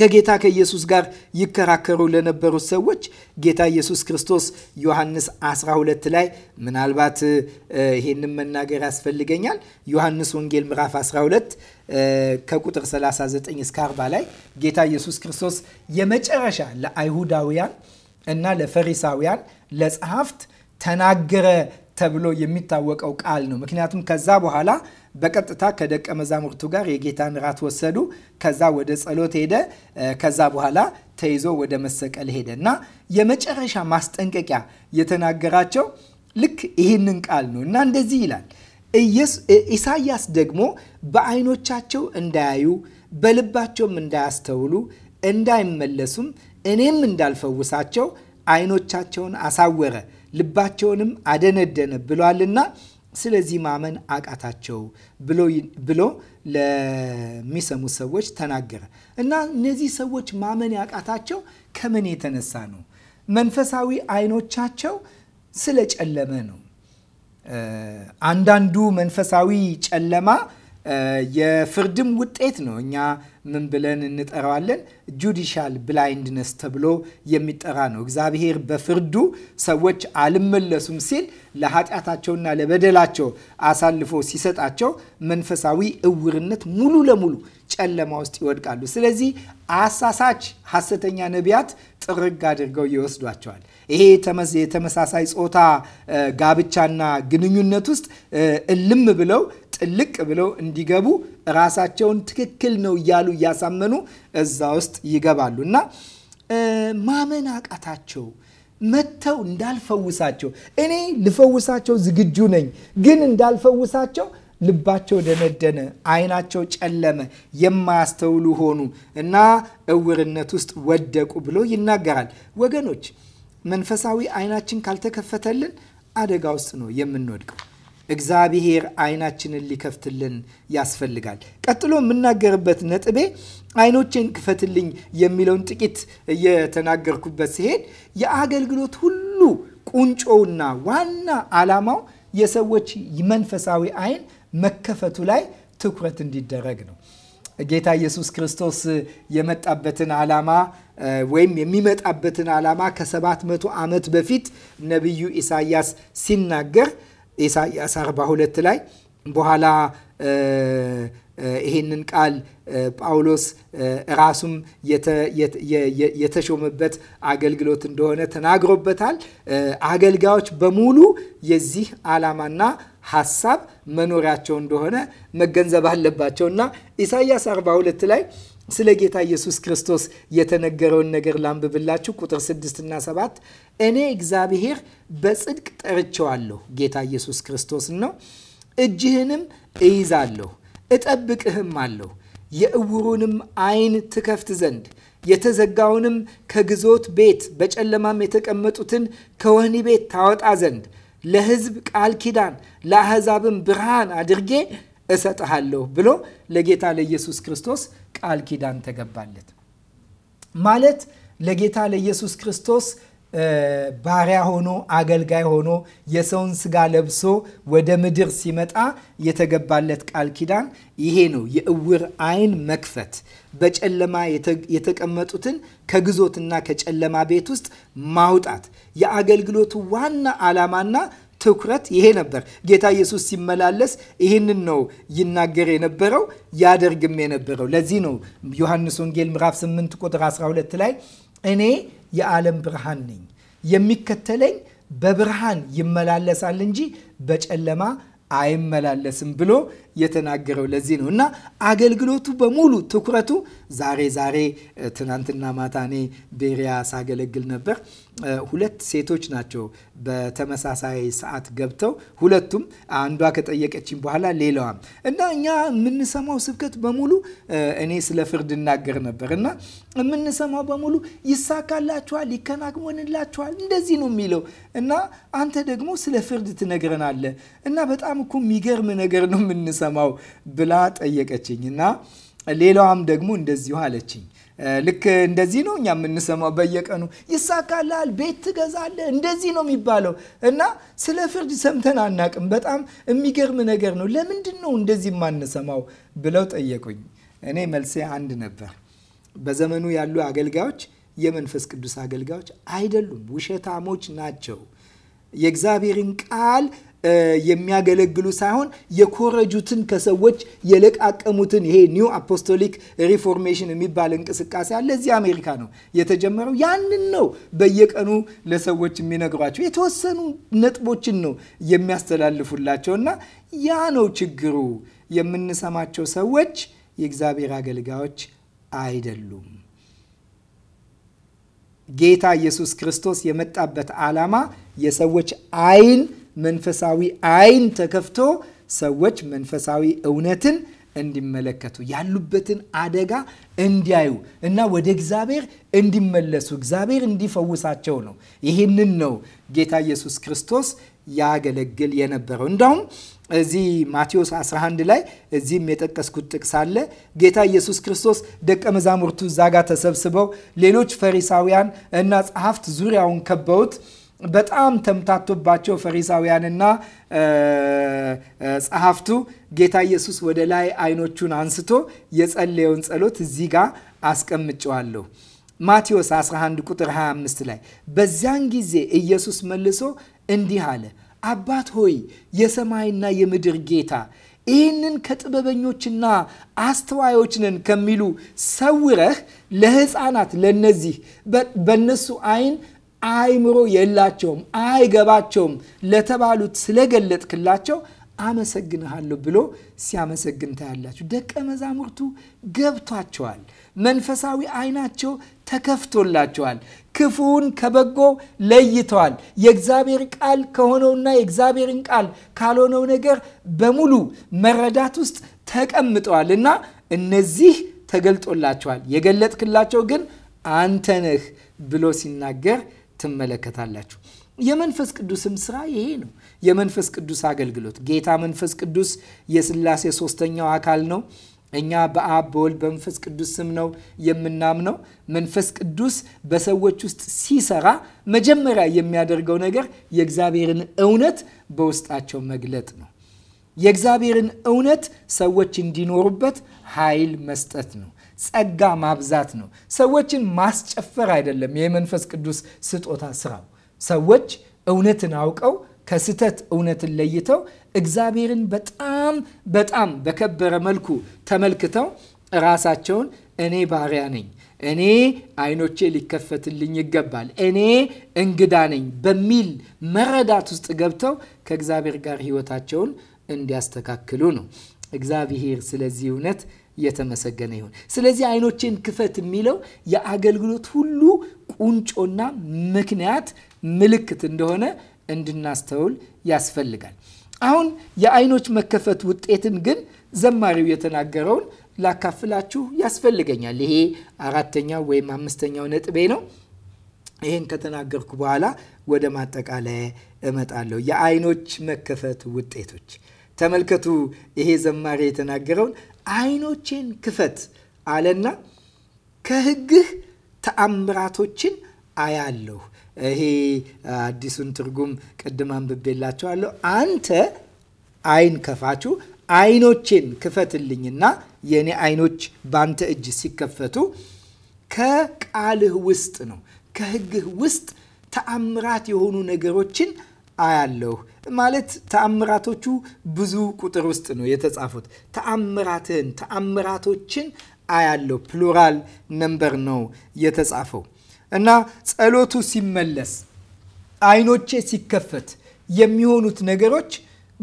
ከጌታ ከኢየሱስ ጋር ይከራከሩ ለነበሩት ሰዎች ጌታ ኢየሱስ ክርስቶስ ዮሐንስ 12 ላይ ምናልባት ይሄንን መናገር ያስፈልገኛል። ዮሐንስ ወንጌል ምዕራፍ 12 ከቁጥር 39 እስከ 40 ላይ ጌታ ኢየሱስ ክርስቶስ የመጨረሻ ለአይሁዳውያን እና ለፈሪሳውያን ለጸሐፍት ተናገረ ተብሎ የሚታወቀው ቃል ነው። ምክንያቱም ከዛ በኋላ በቀጥታ ከደቀ መዛሙርቱ ጋር የጌታን ራት ወሰዱ። ከዛ ወደ ጸሎት ሄደ። ከዛ በኋላ ተይዞ ወደ መሰቀል ሄደ እና የመጨረሻ ማስጠንቀቂያ የተናገራቸው ልክ ይህንን ቃል ነው እና እንደዚህ ይላል ኢሳያስ ደግሞ በዓይኖቻቸው እንዳያዩ በልባቸውም እንዳያስተውሉ እንዳይመለሱም እኔም እንዳልፈውሳቸው ዓይኖቻቸውን አሳወረ ልባቸውንም አደነደነ ብሏልና ስለዚህ ማመን አቃታቸው ብሎ ለሚሰሙ ሰዎች ተናገረ እና እነዚህ ሰዎች ማመን ያቃታቸው ከምን የተነሳ ነው? መንፈሳዊ አይኖቻቸው ስለጨለመ ነው። አንዳንዱ መንፈሳዊ ጨለማ የፍርድም ውጤት ነው። እኛ ምን ብለን እንጠራዋለን? ጁዲሻል ብላይንድነስ ተብሎ የሚጠራ ነው። እግዚአብሔር በፍርዱ ሰዎች አልመለሱም ሲል ለኃጢአታቸውና ለበደላቸው አሳልፎ ሲሰጣቸው መንፈሳዊ እውርነት ሙሉ ለሙሉ ጨለማ ውስጥ ይወድቃሉ። ስለዚህ አሳሳች ሐሰተኛ ነቢያት ጥርግ አድርገው ይወስዷቸዋል። ይሄ የተመሳሳይ ጾታ ጋብቻና ግንኙነት ውስጥ እልም ብለው ጥልቅ ብለው እንዲገቡ ራሳቸውን ትክክል ነው እያሉ እያሳመኑ እዛ ውስጥ ይገባሉ እና ማመን አቃታቸው። መጥተው እንዳልፈውሳቸው እኔ ልፈውሳቸው ዝግጁ ነኝ፣ ግን እንዳልፈውሳቸው ልባቸው ደነደነ፣ አይናቸው ጨለመ፣ የማያስተውሉ ሆኑ እና እውርነት ውስጥ ወደቁ ብሎ ይናገራል። ወገኖች መንፈሳዊ አይናችን ካልተከፈተልን አደጋ ውስጥ ነው የምንወድቀው። እግዚአብሔር አይናችንን ሊከፍትልን ያስፈልጋል። ቀጥሎ የምናገርበት ነጥቤ አይኖቼን ክፈትልኝ የሚለውን ጥቂት እየተናገርኩበት ሲሄድ የአገልግሎት ሁሉ ቁንጮውና ዋና ዓላማው የሰዎች መንፈሳዊ አይን መከፈቱ ላይ ትኩረት እንዲደረግ ነው። ጌታ ኢየሱስ ክርስቶስ የመጣበትን ዓላማ ወይም የሚመጣበትን ዓላማ ከሰባት መቶ ዓመት በፊት ነቢዩ ኢሳያስ ሲናገር ኢሳያስ 42 ላይ በኋላ ይሄንን ቃል ጳውሎስ ራሱም የተሾመበት አገልግሎት እንደሆነ ተናግሮበታል። አገልጋዮች በሙሉ የዚህ ዓላማና ሀሳብ መኖሪያቸው እንደሆነ መገንዘብ አለባቸው እና ኢሳያስ 42 ላይ ስለ ጌታ ኢየሱስ ክርስቶስ የተነገረውን ነገር ላንብብላችሁ። ቁጥር ስድስትና ሰባት እኔ እግዚአብሔር በጽድቅ ጠርቸዋለሁ ጌታ ኢየሱስ ክርስቶስ ነው። እጅህንም እይዛለሁ እጠብቅህም አለሁ የእውሩንም ዓይን ትከፍት ዘንድ የተዘጋውንም ከግዞት ቤት በጨለማም የተቀመጡትን ከወህኒ ቤት ታወጣ ዘንድ ለሕዝብ ቃል ኪዳን ለአሕዛብም ብርሃን አድርጌ እሰጥሃለሁ ብሎ ለጌታ ለኢየሱስ ክርስቶስ ቃል ኪዳን ተገባለት። ማለት ለጌታ ለኢየሱስ ክርስቶስ ባሪያ ሆኖ አገልጋይ ሆኖ የሰውን ስጋ ለብሶ ወደ ምድር ሲመጣ የተገባለት ቃል ኪዳን ይሄ ነው። የእውር አይን መክፈት፣ በጨለማ የተቀመጡትን ከግዞትና ከጨለማ ቤት ውስጥ ማውጣት የአገልግሎቱ ዋና ዓላማና ትኩረት ይሄ ነበር። ጌታ ኢየሱስ ሲመላለስ ይህንን ነው ይናገር የነበረው ያደርግም የነበረው። ለዚህ ነው ዮሐንስ ወንጌል ምዕራፍ 8 ቁጥር 12 ላይ እኔ የዓለም ብርሃን ነኝ፣ የሚከተለኝ በብርሃን ይመላለሳል እንጂ በጨለማ አይመላለስም ብሎ የተናገረው ለዚህ ነው እና አገልግሎቱ በሙሉ ትኩረቱ ዛሬ ዛሬ ትናንትና ማታ እኔ ቤሪያ ሳገለግል ነበር ሁለት ሴቶች ናቸው በተመሳሳይ ሰዓት ገብተው ሁለቱም አንዷ ከጠየቀችኝ በኋላ ሌላዋም እና እኛ የምንሰማው ስብከት በሙሉ እኔ ስለ ፍርድ እናገር ነበር እና የምንሰማው በሙሉ ይሳካላችኋል፣ ይከናወንላችኋል እንደዚህ ነው የሚለው እና አንተ ደግሞ ስለ ፍርድ ትነግረናለህ እና በጣም እኮ የሚገርም ነገር ነው የምንሰማው ብላ ጠየቀችኝ እና ሌላዋም ደግሞ እንደዚሁ አለችኝ ልክ እንደዚህ ነው እኛ የምንሰማው በየቀኑ ይሳካላል፣ ቤት ትገዛለህ፣ እንደዚህ ነው የሚባለው እና ስለ ፍርድ ሰምተን አናቅም። በጣም የሚገርም ነገር ነው። ለምንድን ነው እንደዚህ የማንሰማው ብለው ጠየቁኝ። እኔ መልሴ አንድ ነበር። በዘመኑ ያሉ አገልጋዮች የመንፈስ ቅዱስ አገልጋዮች አይደሉም፣ ውሸታሞች ናቸው። የእግዚአብሔርን ቃል የሚያገለግሉ ሳይሆን የኮረጁትን ከሰዎች የለቃቀሙትን ይሄ ኒው አፖስቶሊክ ሪፎርሜሽን የሚባል እንቅስቃሴ አለ። እዚህ አሜሪካ ነው የተጀመረው። ያንን ነው በየቀኑ ለሰዎች የሚነግሯቸው። የተወሰኑ ነጥቦችን ነው የሚያስተላልፉላቸው እና ያ ነው ችግሩ። የምንሰማቸው ሰዎች የእግዚአብሔር አገልጋዮች አይደሉም። ጌታ ኢየሱስ ክርስቶስ የመጣበት ዓላማ የሰዎች አይን መንፈሳዊ አይን ተከፍቶ ሰዎች መንፈሳዊ እውነትን እንዲመለከቱ ያሉበትን አደጋ እንዲያዩ እና ወደ እግዚአብሔር እንዲመለሱ እግዚአብሔር እንዲፈውሳቸው ነው። ይህንን ነው ጌታ ኢየሱስ ክርስቶስ ያገለግል የነበረው። እንዳውም እዚህ ማቴዎስ 11 ላይ እዚህም የጠቀስኩት ጥቅስ አለ። ጌታ ኢየሱስ ክርስቶስ ደቀ መዛሙርቱ እዛ ጋር ተሰብስበው ሌሎች ፈሪሳውያን እና ጸሐፍት ዙሪያውን ከበውት በጣም ተምታቶባቸው ፈሪሳውያንና ጸሐፍቱ ጌታ ኢየሱስ ወደ ላይ አይኖቹን አንስቶ የጸለየውን ጸሎት እዚህ ጋር አስቀምጨዋለሁ። ማቴዎስ 11 ቁጥር 25 ላይ በዚያን ጊዜ ኢየሱስ መልሶ እንዲህ አለ፣ አባት ሆይ የሰማይና የምድር ጌታ ይህንን ከጥበበኞችና አስተዋዮች ነን ከሚሉ ሰውረህ ለሕፃናት ለነዚህ በነሱ አይን አይምሮ የላቸውም፣ አይገባቸውም ለተባሉት ስለገለጥክላቸው አመሰግንሃለሁ ብሎ ሲያመሰግን ታያላችሁ። ደቀ መዛሙርቱ ገብቷቸዋል። መንፈሳዊ አይናቸው ተከፍቶላቸዋል። ክፉውን ከበጎ ለይተዋል። የእግዚአብሔር ቃል ከሆነውና የእግዚአብሔርን ቃል ካልሆነው ነገር በሙሉ መረዳት ውስጥ ተቀምጠዋል እና እነዚህ ተገልጦላቸዋል። የገለጥክላቸው ግን አንተ ነህ ብሎ ሲናገር ትመለከታላችሁ። የመንፈስ ቅዱስም ስራ ይሄ ነው። የመንፈስ ቅዱስ አገልግሎት ጌታ መንፈስ ቅዱስ የስላሴ ሶስተኛው አካል ነው። እኛ በአብ በወልድ በመንፈስ ቅዱስ ስም ነው የምናምነው። መንፈስ ቅዱስ በሰዎች ውስጥ ሲሰራ መጀመሪያ የሚያደርገው ነገር የእግዚአብሔርን እውነት በውስጣቸው መግለጥ ነው። የእግዚአብሔርን እውነት ሰዎች እንዲኖሩበት ኃይል መስጠት ነው። ጸጋ ማብዛት ነው። ሰዎችን ማስጨፈር አይደለም። የመንፈስ ቅዱስ ስጦታ ስራው ሰዎች እውነትን አውቀው ከስህተት እውነትን ለይተው እግዚአብሔርን በጣም በጣም በከበረ መልኩ ተመልክተው ራሳቸውን እኔ ባሪያ ነኝ፣ እኔ አይኖቼ ሊከፈትልኝ ይገባል፣ እኔ እንግዳ ነኝ በሚል መረዳት ውስጥ ገብተው ከእግዚአብሔር ጋር ሕይወታቸውን እንዲያስተካክሉ ነው። እግዚአብሔር ስለዚህ እውነት የተመሰገነ ይሁን። ስለዚህ አይኖቼን ክፈት የሚለው የአገልግሎት ሁሉ ቁንጮና ምክንያት ምልክት እንደሆነ እንድናስተውል ያስፈልጋል። አሁን የአይኖች መከፈት ውጤትን ግን ዘማሪው የተናገረውን ላካፍላችሁ ያስፈልገኛል። ይሄ አራተኛው ወይም አምስተኛው ነጥቤ ነው። ይህን ከተናገርኩ በኋላ ወደ ማጠቃለያ እመጣለሁ። የአይኖች መከፈት ውጤቶች ተመልከቱ ይሄ ዘማሪ የተናገረውን አይኖቼን ክፈት አለና ከህግህ ተአምራቶችን አያለሁ። ይሄ አዲሱን ትርጉም ቅድም አንብቤላቸዋለሁ። አንተ አይን ከፋቹ አይኖቼን ክፈትልኝና የእኔ አይኖች በአንተ እጅ ሲከፈቱ ከቃልህ ውስጥ ነው ከህግህ ውስጥ ተአምራት የሆኑ ነገሮችን አያለሁ ማለት ተአምራቶቹ ብዙ ቁጥር ውስጥ ነው የተጻፉት። ተአምራትን ተአምራቶችን አያለው ፕሉራል ነምበር ነው የተጻፈው እና ጸሎቱ ሲመለስ አይኖቼ ሲከፈት የሚሆኑት ነገሮች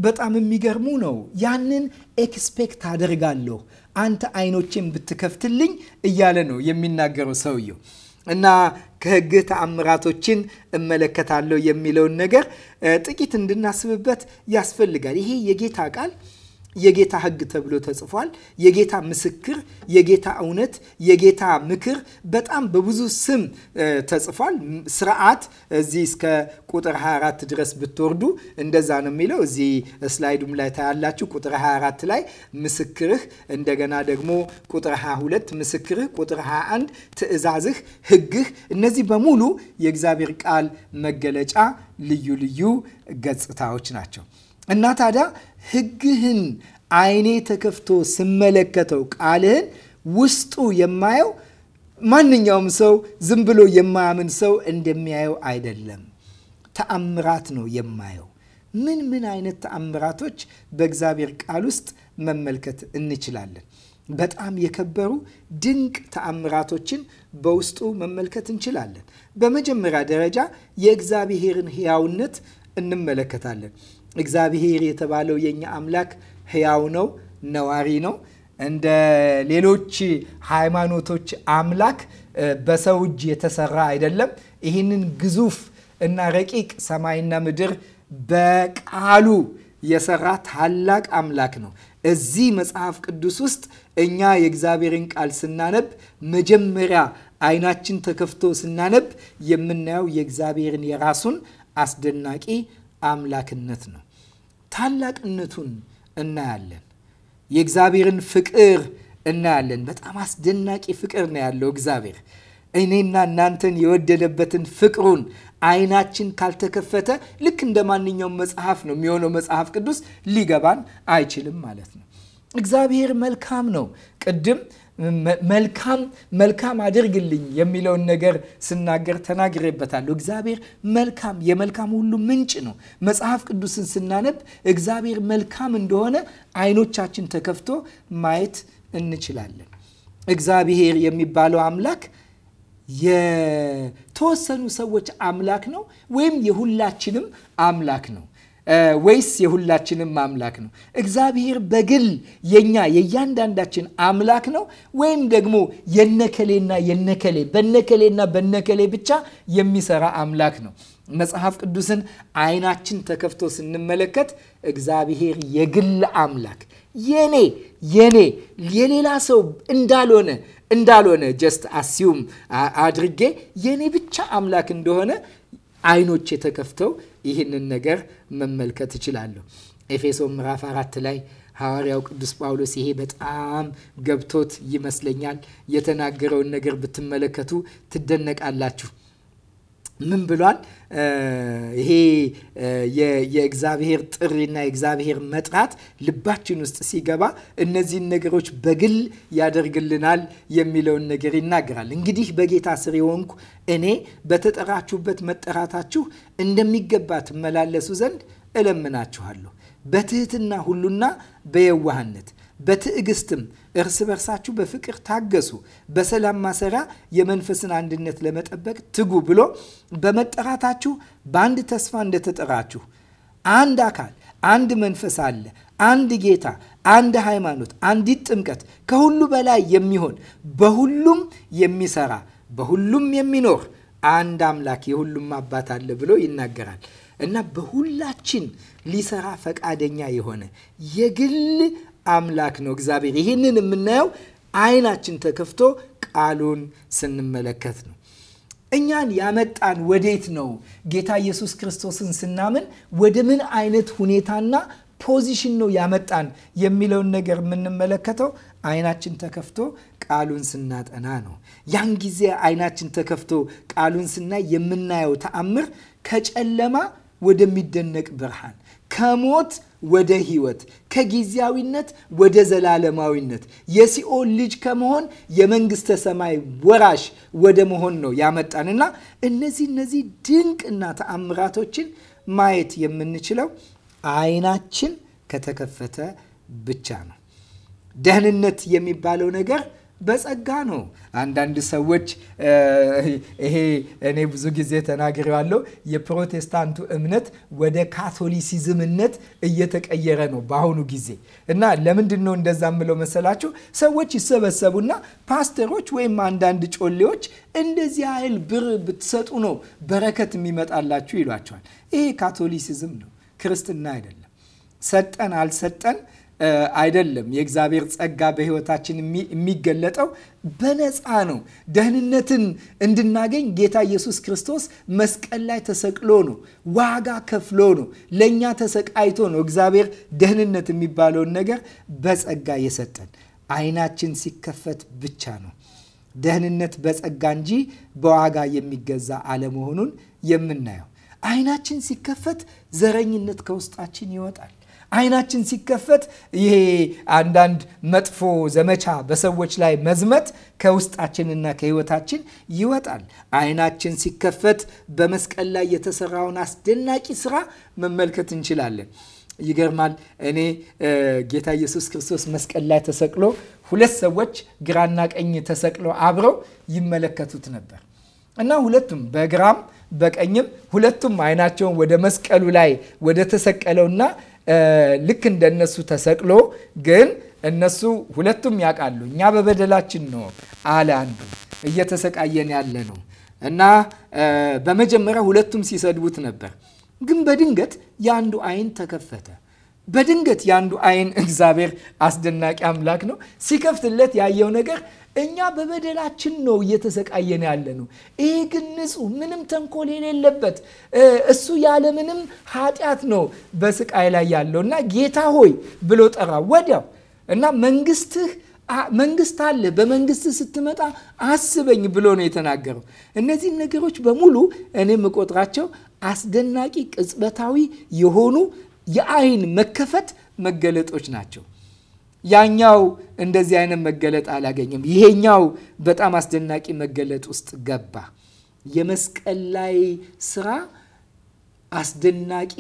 በጣም የሚገርሙ ነው። ያንን ኤክስፔክት አደርጋለሁ አንተ አይኖቼን ብትከፍትልኝ እያለ ነው የሚናገረው ሰውየው። እና ከህግ ተአምራቶችን እመለከታለሁ የሚለውን ነገር ጥቂት እንድናስብበት ያስፈልጋል። ይሄ የጌታ ቃል የጌታ ሕግ ተብሎ ተጽፏል። የጌታ ምስክር፣ የጌታ እውነት፣ የጌታ ምክር በጣም በብዙ ስም ተጽፏል። ስርዓት እዚህ እስከ ቁጥር 24 ድረስ ብትወርዱ እንደዛ ነው የሚለው። እዚህ ስላይዱም ላይ ታያላችሁ። ቁጥር 24 ላይ ምስክርህ፣ እንደገና ደግሞ ቁጥር 22 ምስክርህ፣ ቁጥር 21 ትእዛዝህ፣ ሕግህ። እነዚህ በሙሉ የእግዚአብሔር ቃል መገለጫ ልዩ ልዩ ገጽታዎች ናቸው። እና ታዲያ ሕግህን አይኔ ተከፍቶ ስመለከተው ቃልህን ውስጡ የማየው ማንኛውም ሰው ዝም ብሎ የማያምን ሰው እንደሚያየው አይደለም። ተአምራት ነው የማየው። ምን ምን አይነት ተአምራቶች በእግዚአብሔር ቃል ውስጥ መመልከት እንችላለን? በጣም የከበሩ ድንቅ ተአምራቶችን በውስጡ መመልከት እንችላለን። በመጀመሪያ ደረጃ የእግዚአብሔርን ሕያውነት እንመለከታለን። እግዚአብሔር የተባለው የኛ አምላክ ህያው ነው፣ ነዋሪ ነው። እንደ ሌሎች ሃይማኖቶች አምላክ በሰው እጅ የተሰራ አይደለም። ይህንን ግዙፍ እና ረቂቅ ሰማይና ምድር በቃሉ የሰራ ታላቅ አምላክ ነው። እዚህ መጽሐፍ ቅዱስ ውስጥ እኛ የእግዚአብሔርን ቃል ስናነብ መጀመሪያ አይናችን ተከፍቶ ስናነብ የምናየው የእግዚአብሔርን የራሱን አስደናቂ አምላክነት ነው። ታላቅነቱን እናያለን። የእግዚአብሔርን ፍቅር እናያለን። በጣም አስደናቂ ፍቅር ነው ያለው እግዚአብሔር እኔና እናንተን የወደደበትን ፍቅሩን አይናችን ካልተከፈተ ልክ እንደ ማንኛውም መጽሐፍ ነው የሚሆነው። መጽሐፍ ቅዱስ ሊገባን አይችልም ማለት ነው። እግዚአብሔር መልካም ነው። ቅድም መልካም መልካም አድርግልኝ የሚለውን ነገር ስናገር ተናግሬበታለሁ። እግዚአብሔር መልካም የመልካም ሁሉ ምንጭ ነው። መጽሐፍ ቅዱስን ስናነብ እግዚአብሔር መልካም እንደሆነ አይኖቻችን ተከፍቶ ማየት እንችላለን። እግዚአብሔር የሚባለው አምላክ የተወሰኑ ሰዎች አምላክ ነው ወይም የሁላችንም አምላክ ነው። ወይስ የሁላችንም አምላክ ነው? እግዚአብሔር በግል የኛ የእያንዳንዳችን አምላክ ነው ወይም ደግሞ የነከሌና የነከሌ በነከሌና በነከሌ ብቻ የሚሰራ አምላክ ነው? መጽሐፍ ቅዱስን አይናችን ተከፍቶ ስንመለከት እግዚአብሔር የግል አምላክ የኔ የኔ የሌላ ሰው እንዳልሆነ እንዳልሆነ ጀስት አሲዩም አድርጌ የኔ ብቻ አምላክ እንደሆነ አይኖቼ ተከፍተው ይህንን ነገር መመልከት እችላለሁ። ኤፌሶን ምዕራፍ አራት ላይ ሐዋርያው ቅዱስ ጳውሎስ ይሄ በጣም ገብቶት ይመስለኛል የተናገረውን ነገር ብትመለከቱ ትደነቃላችሁ። ምን ብሏል? ይሄ የእግዚአብሔር ጥሪና የእግዚአብሔር መጥራት ልባችን ውስጥ ሲገባ እነዚህን ነገሮች በግል ያደርግልናል የሚለውን ነገር ይናገራል። እንግዲህ በጌታ ስር የሆንኩ እኔ በተጠራችሁበት መጠራታችሁ እንደሚገባ ትመላለሱ ዘንድ እለምናችኋለሁ በትህትና ሁሉና በየዋህነት በትዕግስትም እርስ በርሳችሁ በፍቅር ታገሱ፣ በሰላም ማሰሪያ የመንፈስን አንድነት ለመጠበቅ ትጉ ብሎ በመጠራታችሁ በአንድ ተስፋ እንደተጠራችሁ አንድ አካል፣ አንድ መንፈስ አለ፣ አንድ ጌታ፣ አንድ ሃይማኖት፣ አንዲት ጥምቀት፣ ከሁሉ በላይ የሚሆን በሁሉም የሚሰራ በሁሉም የሚኖር አንድ አምላክ የሁሉም አባት አለ ብሎ ይናገራል እና በሁላችን ሊሰራ ፈቃደኛ የሆነ የግል አምላክ ነው እግዚአብሔር። ይህንን የምናየው አይናችን ተከፍቶ ቃሉን ስንመለከት ነው። እኛን ያመጣን ወዴት ነው? ጌታ ኢየሱስ ክርስቶስን ስናምን ወደ ምን አይነት ሁኔታና ፖዚሽን ነው ያመጣን የሚለውን ነገር የምንመለከተው አይናችን ተከፍቶ ቃሉን ስናጠና ነው። ያን ጊዜ አይናችን ተከፍቶ ቃሉን ስናይ የምናየው ተአምር ከጨለማ ወደሚደነቅ ብርሃን፣ ከሞት ወደ ህይወት፣ ከጊዜያዊነት ወደ ዘላለማዊነት፣ የሲኦል ልጅ ከመሆን የመንግስተ ሰማይ ወራሽ ወደ መሆን ነው ያመጣንና እነዚህ እነዚህ ድንቅና ተአምራቶችን ማየት የምንችለው አይናችን ከተከፈተ ብቻ ነው። ደህንነት የሚባለው ነገር በጸጋ ነው። አንዳንድ ሰዎች ይሄ እኔ ብዙ ጊዜ ተናግሬዋለሁ። የፕሮቴስታንቱ እምነት ወደ ካቶሊሲዝምነት እየተቀየረ ነው በአሁኑ ጊዜ እና ለምንድን ነው እንደዛ ምለው መሰላችሁ? ሰዎች ይሰበሰቡና ፓስተሮች ወይም አንዳንድ ጮሌዎች እንደዚህ ያህል ብር ብትሰጡ ነው በረከት የሚመጣላችሁ ይሏቸዋል። ይሄ ካቶሊሲዝም ነው፣ ክርስትና አይደለም። ሰጠን አልሰጠን አይደለም። የእግዚአብሔር ጸጋ በህይወታችን የሚገለጠው በነፃ ነው። ደህንነትን እንድናገኝ ጌታ ኢየሱስ ክርስቶስ መስቀል ላይ ተሰቅሎ ነው፣ ዋጋ ከፍሎ ነው፣ ለእኛ ተሰቃይቶ ነው እግዚአብሔር ደህንነት የሚባለውን ነገር በጸጋ የሰጠን። አይናችን ሲከፈት ብቻ ነው ደህንነት በጸጋ እንጂ በዋጋ የሚገዛ አለመሆኑን የምናየው። አይናችን ሲከፈት ዘረኝነት ከውስጣችን ይወጣል። አይናችን ሲከፈት ይሄ አንዳንድ መጥፎ ዘመቻ በሰዎች ላይ መዝመት ከውስጣችንና ከህይወታችን ይወጣል። አይናችን ሲከፈት በመስቀል ላይ የተሰራውን አስደናቂ ስራ መመልከት እንችላለን። ይገርማል። እኔ ጌታ ኢየሱስ ክርስቶስ መስቀል ላይ ተሰቅሎ ሁለት ሰዎች ግራና ቀኝ ተሰቅሎ አብረው ይመለከቱት ነበር እና ሁለቱም በግራም በቀኝም ሁለቱም አይናቸውን ወደ መስቀሉ ላይ ወደ ተሰቀለውና ልክ እንደ ተሰቅሎ ግን እነሱ ሁለቱም ያውቃሉ። እኛ በበደላችን ነው አለ አንዱ እየተሰቃየን ያለ ነው እና በመጀመሪያ ሁለቱም ሲሰድቡት ነበር። ግን በድንገት የአንዱ አይን ተከፈተ በድንገት የአንዱ አይን እግዚአብሔር አስደናቂ አምላክ ነው። ሲከፍትለት ያየው ነገር እኛ በበደላችን ነው እየተሰቃየን ያለ ነው። ይሄ ግን ንጹህ፣ ምንም ተንኮል የሌለበት እሱ ያለምንም ኃጢአት ነው በስቃይ ላይ ያለው እና ጌታ ሆይ ብሎ ጠራ ወዲያው እና መንግስትህ መንግስት አለ በመንግስት ስትመጣ አስበኝ ብሎ ነው የተናገረው። እነዚህ ነገሮች በሙሉ እኔ የምቆጥራቸው አስደናቂ ቅጽበታዊ የሆኑ የአይን መከፈት መገለጦች ናቸው። ያኛው እንደዚህ አይነት መገለጥ አላገኘም። ይሄኛው በጣም አስደናቂ መገለጥ ውስጥ ገባ። የመስቀል ላይ ስራ አስደናቂ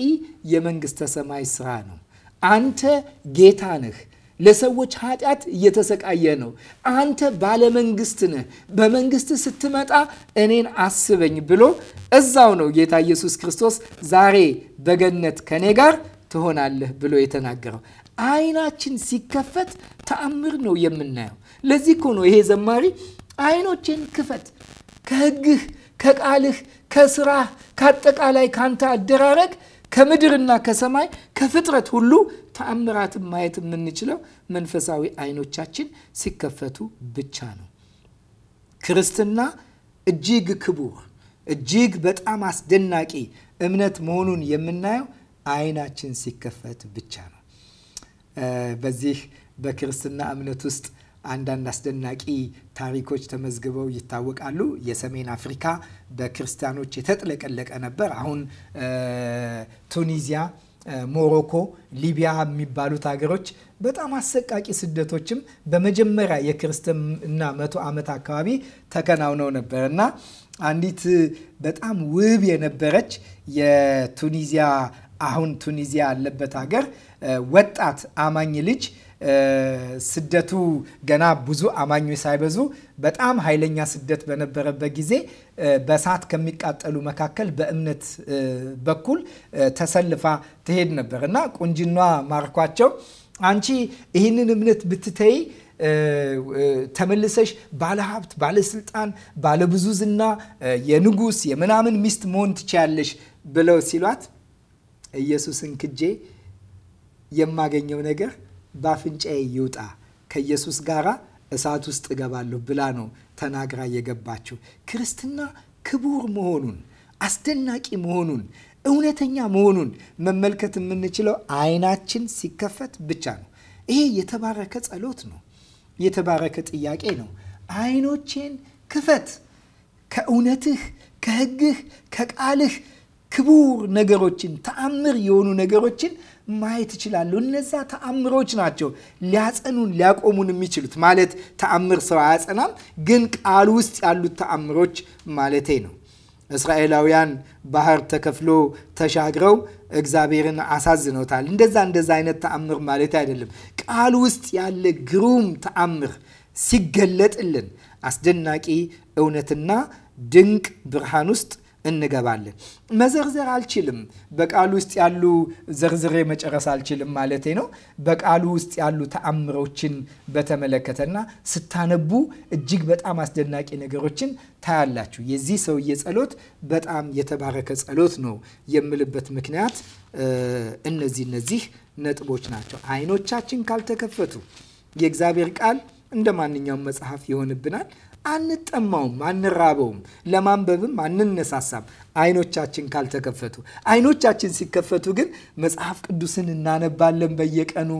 የመንግስተ ሰማይ ስራ ነው። አንተ ጌታ ነህ። ለሰዎች ኃጢአት እየተሰቃየ ነው። አንተ ባለመንግስት ነህ። በመንግስት ስትመጣ እኔን አስበኝ ብሎ እዛው ነው ጌታ ኢየሱስ ክርስቶስ ዛሬ በገነት ከኔ ጋር ትሆናለህ ብሎ የተናገረው። አይናችን ሲከፈት ተአምር ነው የምናየው። ለዚህ እኮ ነው ይሄ ዘማሪ አይኖችን ክፈት ከህግህ፣ ከቃልህ፣ ከስራህ፣ ከአጠቃላይ ካንተ አደራረግ፣ ከምድርና ከሰማይ ከፍጥረት ሁሉ ተአምራትን ማየት የምንችለው መንፈሳዊ አይኖቻችን ሲከፈቱ ብቻ ነው። ክርስትና እጅግ ክቡር እጅግ በጣም አስደናቂ እምነት መሆኑን የምናየው አይናችን ሲከፈት ብቻ ነው። በዚህ በክርስትና እምነት ውስጥ አንዳንድ አስደናቂ ታሪኮች ተመዝግበው ይታወቃሉ። የሰሜን አፍሪካ በክርስቲያኖች የተጥለቀለቀ ነበር። አሁን ቱኒዚያ፣ ሞሮኮ፣ ሊቢያ የሚባሉት ሀገሮች በጣም አሰቃቂ ስደቶችም በመጀመሪያ የክርስትና መቶ ዓመት አካባቢ ተከናውነው ነበር እና አንዲት በጣም ውብ የነበረች የቱኒዚያ አሁን ቱኒዚያ ያለበት ሀገር ወጣት አማኝ ልጅ ስደቱ ገና ብዙ አማኞች ሳይበዙ በጣም ኃይለኛ ስደት በነበረበት ጊዜ በእሳት ከሚቃጠሉ መካከል በእምነት በኩል ተሰልፋ ትሄድ ነበር እና ቁንጅኗ ማርኳቸው አንቺ ይህንን እምነት ብትተይ ተመልሰሽ ባለሀብት፣ ባለስልጣን፣ ባለብዙ ዝና፣ የንጉስ የምናምን ሚስት መሆን ትችያለሽ ብለው ሲሏት ኢየሱስን ክጄ የማገኘው ነገር በአፍንጫዬ ይውጣ፣ ከኢየሱስ ጋራ እሳት ውስጥ እገባለሁ ብላ ነው ተናግራ የገባችው። ክርስትና ክቡር መሆኑን አስደናቂ መሆኑን እውነተኛ መሆኑን መመልከት የምንችለው አይናችን ሲከፈት ብቻ ነው። ይሄ የተባረከ ጸሎት ነው። የተባረከ ጥያቄ ነው። አይኖቼን ክፈት ከእውነትህ ከህግህ ከቃልህ ክቡር ነገሮችን ተአምር የሆኑ ነገሮችን ማየት እችላለሁ። እነዛ ተአምሮች ናቸው ሊያጸኑን ሊያቆሙን የሚችሉት ማለት ተአምር ሰው አያጸናም፣ ግን ቃል ውስጥ ያሉት ተአምሮች ማለቴ ነው። እስራኤላውያን ባህር ተከፍሎ ተሻግረው እግዚአብሔርን አሳዝነውታል። እንደዛ እንደዛ አይነት ተአምር ማለት አይደለም። ቃል ውስጥ ያለ ግሩም ተአምር ሲገለጥልን አስደናቂ እውነትና ድንቅ ብርሃን ውስጥ እንገባለን። መዘርዘር አልችልም፣ በቃሉ ውስጥ ያሉ ዘርዝሬ መጨረስ አልችልም ማለት ነው። በቃሉ ውስጥ ያሉ ተአምሮችን በተመለከተና ስታነቡ እጅግ በጣም አስደናቂ ነገሮችን ታያላችሁ። የዚህ ሰውዬ ጸሎት በጣም የተባረከ ጸሎት ነው የምልበት ምክንያት እነዚህ እነዚህ ነጥቦች ናቸው። አይኖቻችን ካልተከፈቱ የእግዚአብሔር ቃል እንደ ማንኛውም መጽሐፍ ይሆንብናል። አንጠማውም፣ አንራበውም፣ ለማንበብም አንነሳሳም አይኖቻችን ካልተከፈቱ። አይኖቻችን ሲከፈቱ ግን መጽሐፍ ቅዱስን እናነባለን በየቀኑ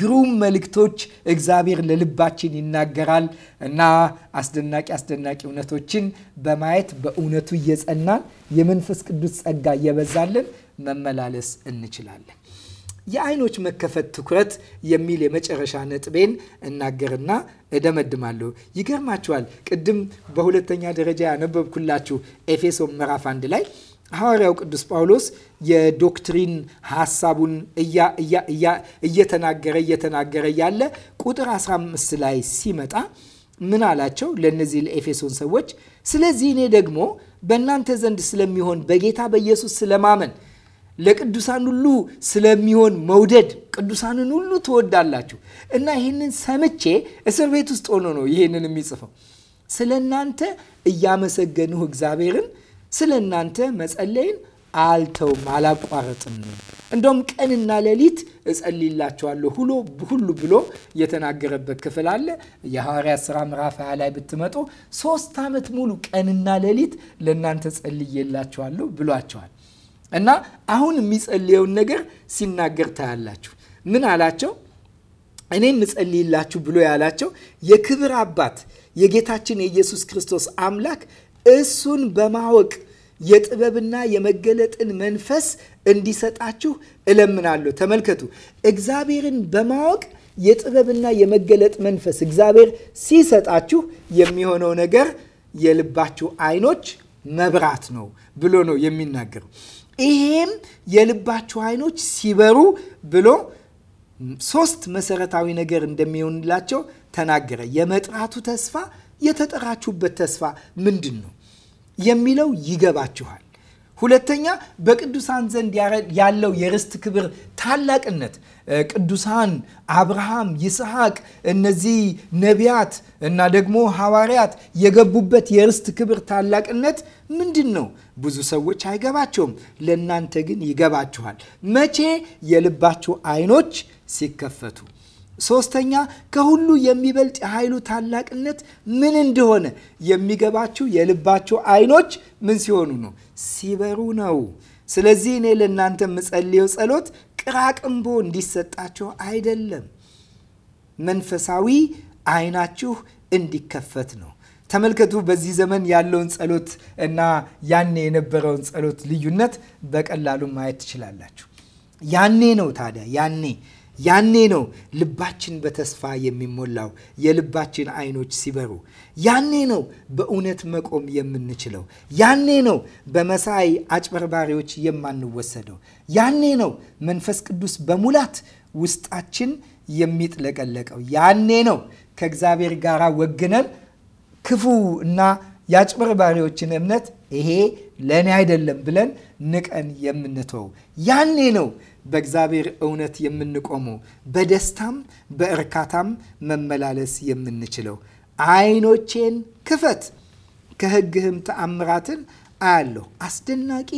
ግሩም መልእክቶች እግዚአብሔር ለልባችን ይናገራል እና አስደናቂ አስደናቂ እውነቶችን በማየት በእውነቱ እየጸናን የመንፈስ ቅዱስ ጸጋ እየበዛልን መመላለስ እንችላለን። የአይኖች መከፈት ትኩረት የሚል የመጨረሻ ነጥቤን እናገርና እደመድማለሁ። ይገርማችኋል። ቅድም በሁለተኛ ደረጃ ያነበብኩላችሁ ኤፌሶን ምዕራፍ አንድ ላይ ሐዋርያው ቅዱስ ጳውሎስ የዶክትሪን ሐሳቡን እየተናገረ እየተናገረ ያለ ቁጥር 15 ላይ ሲመጣ ምን አላቸው? ለእነዚህ ለኤፌሶን ሰዎች፣ ስለዚህ እኔ ደግሞ በእናንተ ዘንድ ስለሚሆን በጌታ በኢየሱስ ስለማመን ለቅዱሳን ሁሉ ስለሚሆን መውደድ ቅዱሳንን ሁሉ ትወዳላችሁ እና ይህንን ሰምቼ እስር ቤት ውስጥ ሆኖ ነው ይህንን የሚጽፈው። ስለ እናንተ እያመሰገንሁ እግዚአብሔርን ስለ እናንተ መጸለይን አልተውም፣ አላቋረጥም። እንደውም ቀንና ሌሊት እጸልይላቸዋለሁ ሁሎ ሁሉ ብሎ የተናገረበት ክፍል አለ። የሐዋርያት ሥራ ምዕራፍ ሃያ ላይ ብትመጡ ሶስት ዓመት ሙሉ ቀንና ሌሊት ለእናንተ ጸልዬላቸዋለሁ ብሏቸዋል። እና አሁን የሚጸልየውን ነገር ሲናገር ታያላችሁ። ምን አላቸው? እኔም ምጸልይላችሁ ብሎ ያላቸው የክብር አባት የጌታችን የኢየሱስ ክርስቶስ አምላክ እሱን በማወቅ የጥበብና የመገለጥን መንፈስ እንዲሰጣችሁ እለምናለሁ። ተመልከቱ፣ እግዚአብሔርን በማወቅ የጥበብና የመገለጥ መንፈስ እግዚአብሔር ሲሰጣችሁ የሚሆነው ነገር የልባችሁ አይኖች መብራት ነው ብሎ ነው የሚናገረው። ይሄም የልባችሁ አይኖች ሲበሩ ብሎ ሶስት መሰረታዊ ነገር እንደሚሆንላቸው ተናገረ። የመጥራቱ ተስፋ፣ የተጠራችሁበት ተስፋ ምንድን ነው የሚለው ይገባችኋል። ሁለተኛ በቅዱሳን ዘንድ ያለው የርስት ክብር ታላቅነት ቅዱሳን አብርሃም፣ ይስሐቅ እነዚህ ነቢያት እና ደግሞ ሐዋርያት የገቡበት የርስት ክብር ታላቅነት ምንድን ነው? ብዙ ሰዎች አይገባቸውም። ለእናንተ ግን ይገባችኋል። መቼ? የልባችሁ አይኖች ሲከፈቱ። ሶስተኛ፣ ከሁሉ የሚበልጥ የኃይሉ ታላቅነት ምን እንደሆነ የሚገባችሁ የልባችሁ አይኖች ምን ሲሆኑ ነው? ሲበሩ ነው። ስለዚህ እኔ ለእናንተ የምጸልየው ጸሎት ቅራቅንቦ እንዲሰጣቸው አይደለም፣ መንፈሳዊ አይናችሁ እንዲከፈት ነው። ተመልከቱ በዚህ ዘመን ያለውን ጸሎት እና ያኔ የነበረውን ጸሎት ልዩነት በቀላሉ ማየት ትችላላችሁ። ያኔ ነው ታዲያ ያኔ ያኔ ነው ልባችን በተስፋ የሚሞላው የልባችን አይኖች ሲበሩ። ያኔ ነው በእውነት መቆም የምንችለው። ያኔ ነው በመሳይ አጭበርባሪዎች የማንወሰደው። ያኔ ነው መንፈስ ቅዱስ በሙላት ውስጣችን የሚጥለቀለቀው። ያኔ ነው ከእግዚአብሔር ጋር ወግነን ክፉ እና የአጭበርባሪዎችን እምነት ይሄ ለእኔ አይደለም ብለን ንቀን የምንተው ያኔ ነው በእግዚአብሔር እውነት የምንቆመው፣ በደስታም በእርካታም መመላለስ የምንችለው። አይኖቼን ክፈት ከሕግህም ተአምራትን አያለሁ። አስደናቂ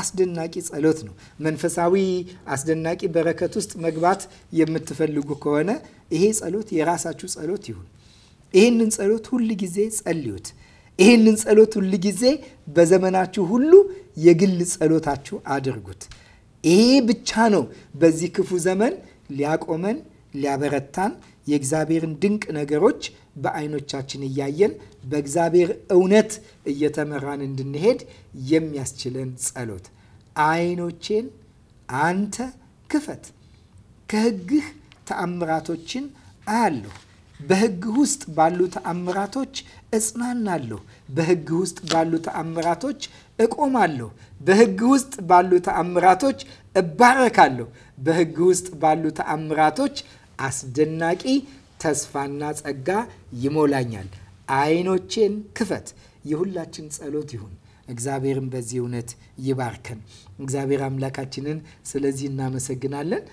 አስደናቂ ጸሎት ነው። መንፈሳዊ አስደናቂ በረከት ውስጥ መግባት የምትፈልጉ ከሆነ ይሄ ጸሎት የራሳችሁ ጸሎት ይሁን። ይህንን ጸሎት ሁል ጊዜ ጸልዩት። ይህንን ጸሎት ሁል ጊዜ በዘመናችሁ ሁሉ የግል ጸሎታችሁ አድርጉት። ይሄ ብቻ ነው በዚህ ክፉ ዘመን ሊያቆመን ሊያበረታን የእግዚአብሔርን ድንቅ ነገሮች በዓይኖቻችን እያየን በእግዚአብሔር እውነት እየተመራን እንድንሄድ የሚያስችለን ጸሎት። ዓይኖቼን አንተ ክፈት፣ ከሕግህ ተአምራቶችን አያለሁ በህግ ውስጥ ባሉ ተአምራቶች እጽናናለሁ። በህግ ውስጥ ባሉ ተአምራቶች እቆማለሁ። በህግ ውስጥ ባሉ ተአምራቶች እባረካለሁ። በህግ ውስጥ ባሉ ተአምራቶች አስደናቂ ተስፋና ጸጋ ይሞላኛል። አይኖቼን ክፈት። የሁላችን ጸሎት ይሁን። እግዚአብሔርን በዚህ እውነት ይባርከን። እግዚአብሔር አምላካችንን ስለዚህ እናመሰግናለን።